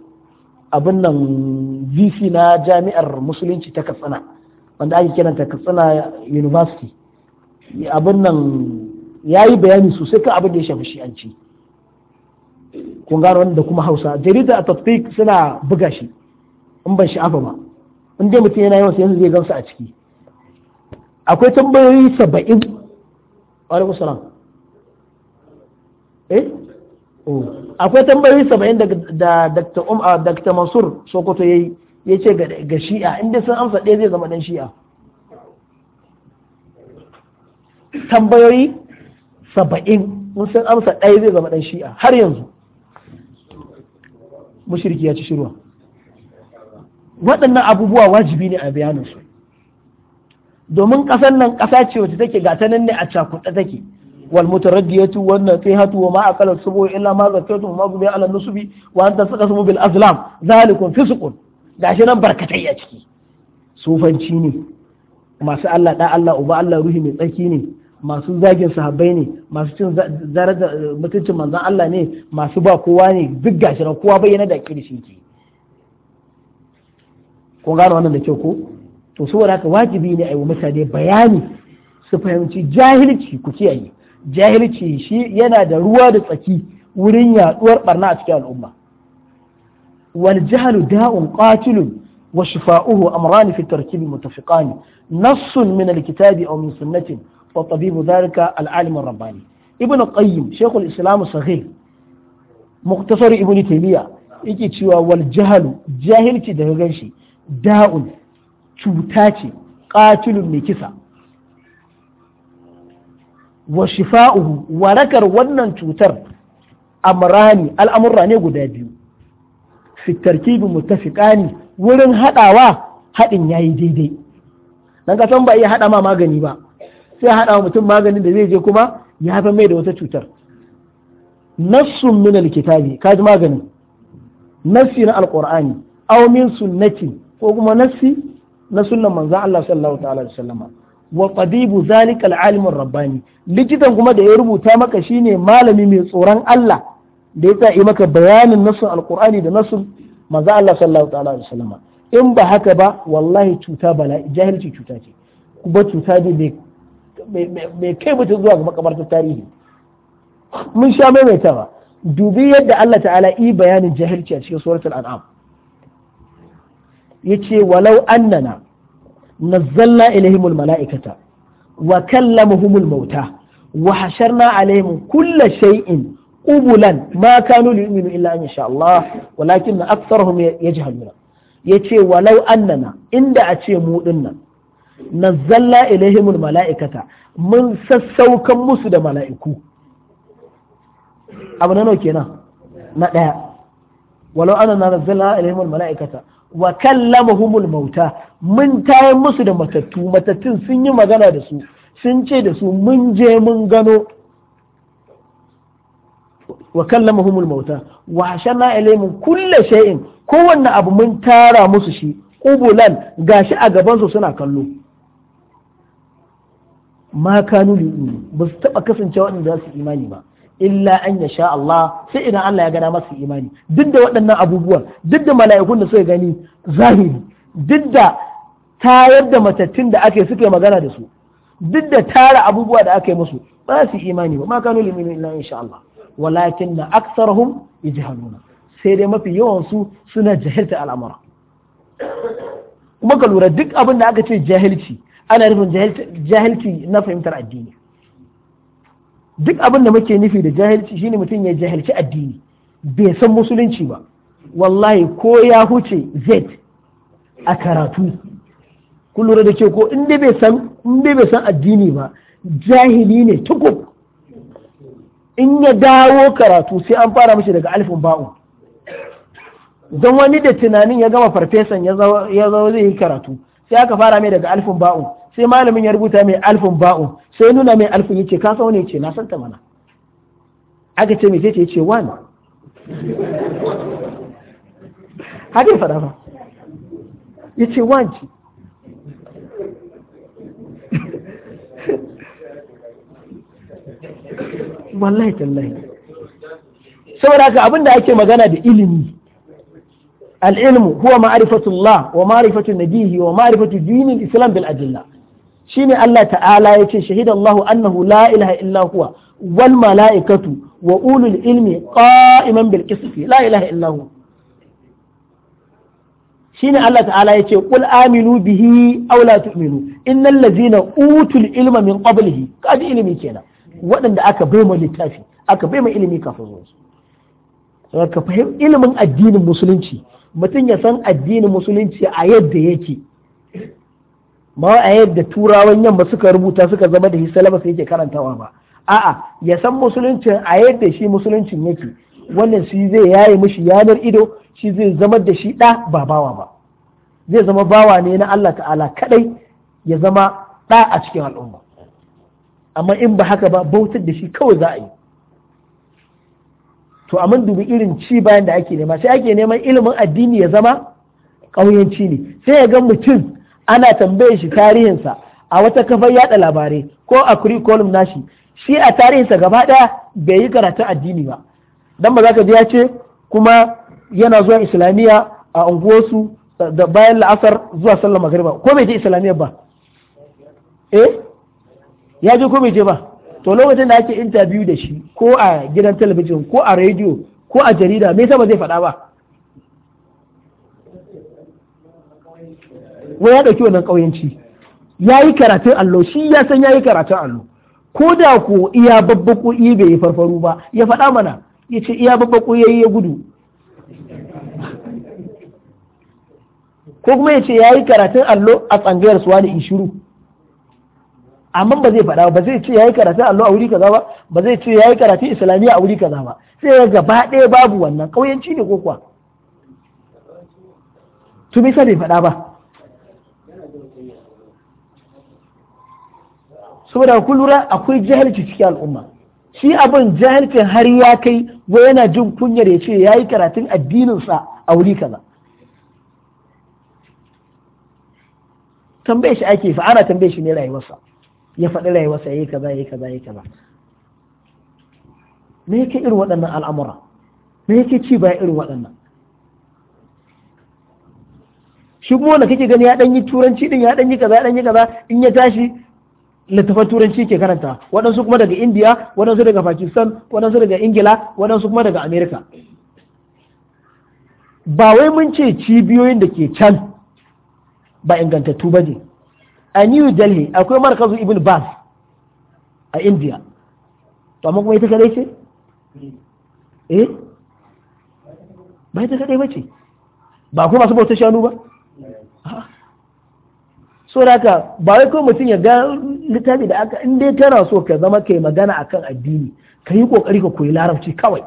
abin nan vc na jami'ar musulunci ta katsina wanda ake kiran ta katsina university abin nan ya yi bayani sosai kan abin da ya shafi shi'anci kun gano wanda kuma hausa jarida a tattik suna buga shi in ban sha'afa ba in dai mutum yana yawan yanzu zai gamsu a ciki akwai tambayoyi saba'in alaikum salam eh akwai tambayoyi saba'in da Dr. Um Dr. Mansur Sokoto yi ya ce ga shi'a inda sun amsa ɗaya zai zama ɗan shi'a tambayoyi saba'in in sun amsa ɗaya zai zama ɗan shi'a har yanzu mushirki ya ci shirwa waɗannan abubuwa wajibi ne a bayanin su domin ƙasar nan ƙasa ce wacce take gata nan ne a cakuɗa take wal mutaraddiyatu wan nasihatu wa ma aqala subu illa ma zakaytum ma gubi ala nusubi wa anta saqasmu bil azlam zalikum fisqun gashi nan barkatai a ciki sufanci ne masu Allah da Allah uba Allah ruhi mai tsaki ne masu zagin sahabbai ne masu cin daraja mutuncin manzon Allah ne masu ba kowa ne duk gashi nan kowa bayyana da kirshi ke kun gano wannan da kyau ko to saboda haka wajibi ne a mutane bayani su fahimci jahilci ku yi. jahilci shi yana da ruwa da tsaki wurin yaduwar barna a cikin al'umma wal jahalu da'un qatilun wa shifa'uhu amran fi tarkibi mutafiqan nassun min al-kitabi aw min sunnatin wa tabibu dhalika al-alim ar-rabbani ibn qayyim shaykh al-islam muktasar ibn taymiya yake cewa wal jahlu jahilci daga ganshi da'un cuta ce qatilun mai kisa wa shifa'uhu warakar wannan cutar amrani al'amurra ne guda biyu fi tarkibi muttafiqani wurin haɗawa haɗin yayi daidai dan ka san ba iya haɗa ma magani ba sai haɗa mutum maganin da zai je kuma ya haifar mai da wata cutar nassun min alkitabi kaji maganin nassi na alqur'ani aw min sunnati ko kuma nassi na sunnan manzon Allah sallallahu ta'ala alaihi wa tabibu zalika al-alim rabbani likitan kuma da ya rubuta maka shine malami mai tsoron Allah da ya yi maka bayanin nasu alqur'ani da nasu manzo Allah sallallahu ta'ala alaihi wasallam in ba haka ba wallahi cuta bala'i jahilci cuta ce kuma cuta ne mai kai mutum zuwa ga makabartar tarihi mun sha maimaitawa dubi yadda Allah ta'ala yi bayanin jahilci a cikin suratul an'am yace walau annana nazzalna ilaihimul mala'ikata wa kallamuhumul mauta wa hasharna alaihim kulla shay'in qubulan ma kanu yu'minu illa an yasha Allah walakin aktharuhum yajhaluna yace walau annana inda a ce mu dinnan nazzalna ilaihimul mala'ikata mun sassaukan musu da mala'iku abu na nawa kenan na walau wa kallamahumul mauta mun tayar musu da matattu matattun sun yi magana da su sun ce da su mun je mun gano wa kallamahumul mauta wa shana ilayhim kulla shay'in kowanne abu mun tara musu shi kubulan gashi a gaban su suna kallo ma kanu ba su taba kasancewa waɗanda za su imani ba illa an ya sha Allah sai idan Allah ya gana masu imani duk da waɗannan abubuwan duk da mala'ikun da suka gani zahiri duk da tayar da matattun da ake suke magana da su duk da tara abubuwa da aka musu ba su imani ba ma kanu limini illa insha Allah walakin na aksarhum yajhaluna sai dai mafi yawan su suna jahilta al'amura kuma ka lura duk abin da aka ce jahilci ana nufin jahilci na fahimtar addini duk abin da muke nufi da jahilci shine mutum ya jahilci addini bai san musulunci ba wallahi ko ya huce z a karatu kun lura da ke ko in bai san addini ba jahili ne tukub in ya dawo karatu sai an fara mishi daga alifin ba'u don wani da tunanin ya gama farfesan ya zo zai yi karatu sai aka fara mai daga alifin ba'u sai malamin ya rubuta mai alifin ba'u sai nuna mai alfin yace ka san wani ce na san ta mana aka ce mece ce yace wani haka ya faɗa ba yace wanci wallahi tallahi saboda haka abin da ake magana da ilimi al-ilmu huwa ma'rifatullah wa ma'rifatu nabihi wa ma'rifatu dinil islam bil adilla shine Allah ta'ala ya ce shahidallahu annahu la ilaha illa huwa wal mala'ikatu wa ulul ilmi qa'iman bil qisti la ilaha illa huwa shine Allah ta'ala ya ce qul aminu bihi aw la tu'minu innal ladzina utul ilma min qablihi kaji ilimi kenan waɗanda aka baima littafi aka baima ilimi kafin zuwa ka fahim ilimin addinin musulunci mutum ya san addinin musulunci a yadda yake ba a yadda turawan yamma suka rubuta suka zama da hisala ba sai yake karantawa ba a'a ya san musuluncin a yadda shi musuluncin yake wannan shi zai yaye mishi yanar ido shi zai zama da shi ɗa ba bawa ba zai zama bawa ne na Allah ta'ala kadai ya zama ɗa a cikin al'umma amma in ba haka ba bautar da shi kawai za a yi to amma dubi irin ci bayan da ake nema sai ake neman ilimin addini ya zama ƙauyenci ne sai ya ga mutum ana tambaye shi tarihinsa a wata kafar yada labarai ko a curriculum nashi shi a tarihinsa gaba ɗaya bai yi karatun addini ba dan ba za ka ji ya ce kuma yana zuwa islamiyya a unguwarsu da bayan la'asar zuwa sallar magariba ko bai je islamiyya ba eh ya je ko bai je ba to lokacin da ake interview da shi ko a gidan talabijin ko a rediyo ko a jarida me yasa ba zai faɗa ba wai ya ɗauki wannan ƙauyenci ya yi karatun allo shi ya san ya yi karatun allo ko da ko iya babbaku iya bai yi farfaru ba ya faɗa mana ya ce iya babba ya yi ya gudu ko kuma ya ce ya yi karatun allo a tsangayar suwa da ishuru amma ba zai faɗa ba zai ce ya yi karatun allo a wuri kaza ba ba zai ce ya yi karatun islamiyya a wuri kaza ba sai ya gaba ɗaya babu wannan ƙauyenci ne ko kuwa tumi me bai faɗa ba saboda ku lura akwai jahilci cikin al'umma shi abin jahilcin har ya kai wai yana jin kunyar ya ce ya yi karatun addininsa a wuri kaza tambaye shi ake fa ana tambaye shi ne rayuwarsa ya faɗi rayuwarsa ya yi kaza ya yi kaza ya yi kaza me yake irin waɗannan al'amura me yake ci baya irin waɗannan shi kuma wanda kake gani ya ɗan yi turanci ɗin ya ɗan yi kaza ya ɗan yi kaza in ya tashi littafan turanci ke karanta waɗansu kuma daga indiya waɗansu daga pakistan waɗansu daga ingila waɗansu kuma daga amerika ba wai mun ce cibiyoyin da ke can ba ingantattu ba ne a new delhi akwai markazu ibn bas a indiya to amma kuma ita kadai ce eh ba ita kadai ba ce ba kuma masu bauta shanu ba so ba wai kawai mutum ya ga littafi da aka in dai kana so ka zama kai magana akan addini ka yi kokari ka koyi larabci kawai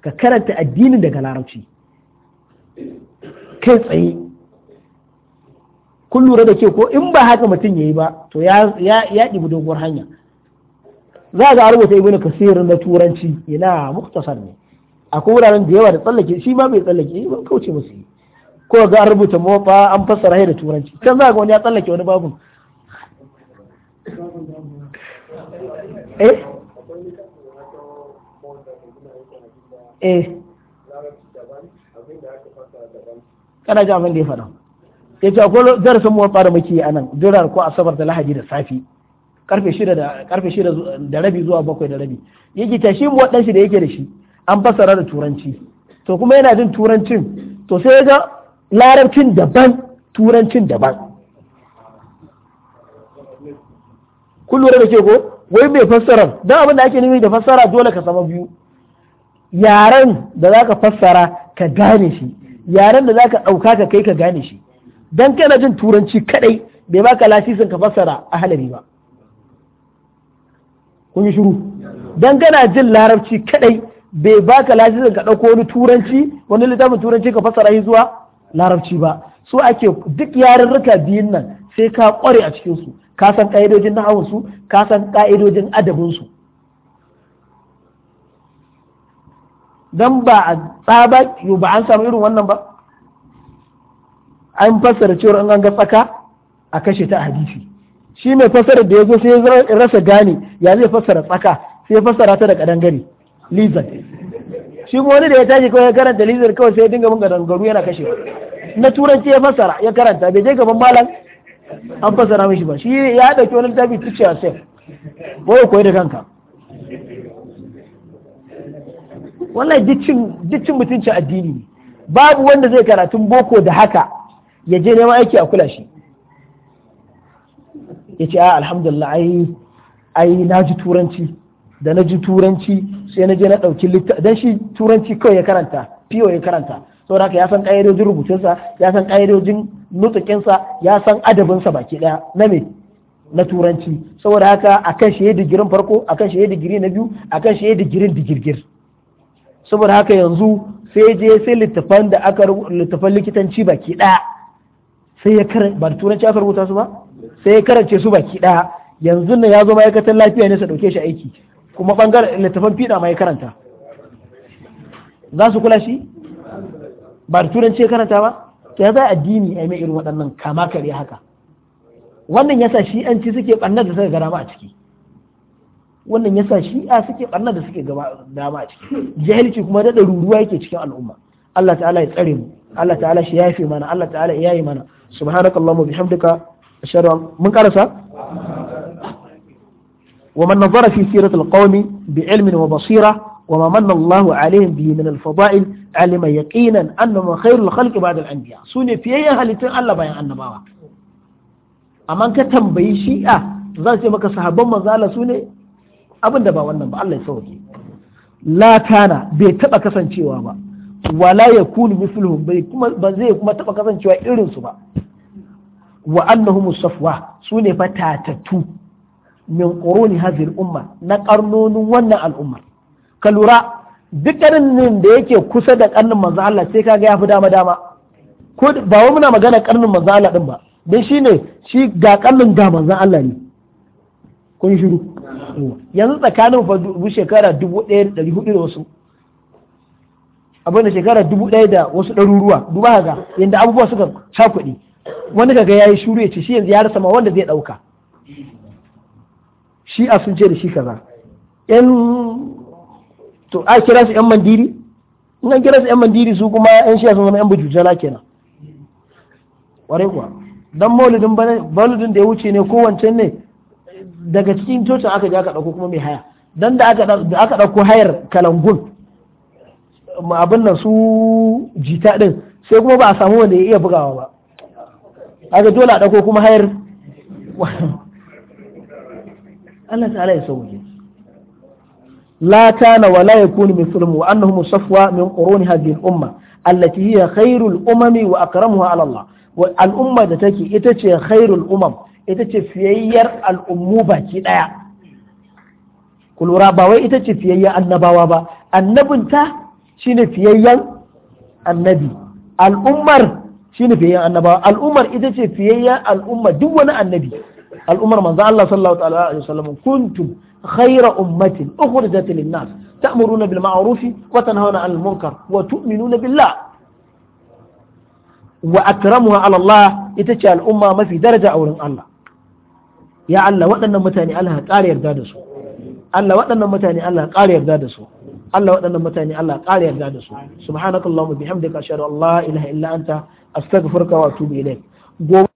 ka karanta addinin daga larabci kai tsaye kun lura da ke ko in ba haka mutum ya yi ba to ya ya ɗibi doguwar hanya za ga rubuta ibn kasirin na turanci ina muktasar ne akwai wuraren da yawa da tsallake shi ma bai tsallake ba kauce musu yi ko ga an rubuta motsa an fassara da turanci can za ga wani ya tsallake wani babu eh eh kana ji abin da ya faɗa ya ce akwai darasin motsa da muke a nan durar ko asabar da lahadi da safi karfe shida da karfe shida da rabi zuwa bakwai da rabi yake ta shi mu waɗanshi da yake da shi an fassara da turanci to kuma yana jin turancin to sai ya ga larabcin daban turancin daban kun lura da ke ko wai mai fassara don abin da ake nufi da fassara dole ka sama biyu yaren da za ka fassara ka gane shi yaren da za ka ɗauka ka kai ka gane shi don kana jin turanci kadai bai baka lasisin ka fassara a halari ba kun yi shiru don kana jin larabci kadai bai baka lasisin ka ɗauko wani turanci wani littafin turanci ka fassara shi zuwa larabci ba su ake duk yarurruka biyun nan sai ka kware a cikin su ka san ka'idojin hawan su ka san ka'idojin adabin su dan ba a tsaba yo ba an samu irin wannan ba an fassara in an ga tsaka a kashe ta hadisi shi mai fassara da ya zo sai ya rasa gane ya zai fassara tsaka sai ya fassara ta da kadangare lizard shi wani da ya tashi kawai ya karanta lizar kawai sai ya dinga mun gadangaru yana kashe. na turanci ya fasara ya karanta bai je gaban malam an fasara mishi ba shi ya dauki wani littafi tuce a sai boye koyi da kanka wallahi dicin mutunci addini ne babu wanda zai karatun boko da haka ya je neman aiki a kula shi ya ce a ah, alhamdulillah ai na ji turanci da na ji turanci sai na je na ɗauki littafi dan shi turanci kawai ya karanta piyo ya karanta saboda haka ya san ƙa'idojin rubutunsa ya san ƙa'idojin nutukinsa ya san adabinsa baki ɗaya na me na turanci saboda haka akan shi ya digirin farko akan shi ya digiri na biyu akan shi ya digirin digirgir saboda haka yanzu sai je sai littafan da aka littafan likitanci baki ɗaya sai ya karanta ba turanci aka rubuta su ba sai ya karance su baki ɗaya yanzu ne ya zo ma'aikatan lafiya ne sa ɗauke shi aiki kuma bangaren littafan fiɗa ma ya karanta za su kula shi ba da turanci ya karanta ba ya za addini ya mai irin waɗannan kama kare haka wannan yasa shi'anci suke ɓannar da suka gama a ciki wannan yasa shi'a suke ɓannar da suke gama a ciki jahilci kuma da ruruwa yake cikin al'umma Allah ta'ala ya tsare mu Allah ta'ala shi fi mana Allah ta'ala ya yi mana subhanakallahumma bihamdika ashhadu mun karasa ومن نظر في سيرة القوم بعلم وبصيرة وما من الله عليهم به من الفضائل علم يقينا أنهم خير الخلق بعد الأنبياء سوني في أي أهل الله بيان النبوة أما كتنبي شيئا زال سيبك صحابا ما زال سوني abin da ba wannan ba Allah ya sauke la kana bai taba kasancewa ba wala yakunu mithluhum bai kuma ba zai kuma taba kasancewa irin su ba wa annahum safwa sune fa tatatu min quruni hadhihi umma na karnonin wannan al'umma ka lura dukkanin nan da yake kusa da karnin manzo Allah sai kaga yafi dama dama ko ba wai muna magana karnin manzo Allah din ba dan shine shi ga karnin ga manzo Allah ne kun shiru yanzu tsakanin fa shekara 1400 da wasu abin da shekara 1000 da wasu ɗaruruwa duba ga yanda abubuwa suka cakuɗi wani kaga yayi shiru ya ce shi yanzu ya rasa ma wanda zai ɗauka shi'a sun ce da shi kaza yan to a kira su yan mandiri in an kira su yan mandiri su kuma yan shi'a sun zama yan bujujala kenan ware kuwa dan maulidin maulidin da ya wuce ne ko wancan ne daga cikin cocin aka je aka dauko kuma mai haya dan da aka da aka dauko hayar kalangun abin nan su jita din sai kuma ba a samu wanda ya iya bugawa ba aka dole a dauko kuma hayar Allah ta'ala ya sauke la kana wala yakunu mithlum wa annahum safwa min quruni hadhihi al-umma allati hiya khairul umami wa akramuha ala Allah wa al-umma da take ita ce khairul umam ita ce fiyayyar al'ummu baki daya kulura ba wai ita ce fiyayyen annabawa ba annabinta shine fiyayyen annabi al'ummar shine fiyayyen annabawa al'ummar ita ce fiyayyen al'umma duk wani annabi al'ummar manzo Allah sallallahu alaihi wasallam kuntum khayra ummatin ukhrijat lin nas ta'muruna bil ma'ruf wa tanhauna 'anil munkar wa tu'minuna billah wa akramuha 'ala Allah ita ce al'umma mafi daraja a wurin Allah ya Allah waɗannan mutane Allah ka ƙara yarda da su Allah waɗannan mutane Allah ka ƙara yarda da su Allah waɗannan mutane Allah ƙara yarda da su subhanakallahumma bihamdika ashhadu an la ilaha illa anta astaghfiruka wa atubu ilayk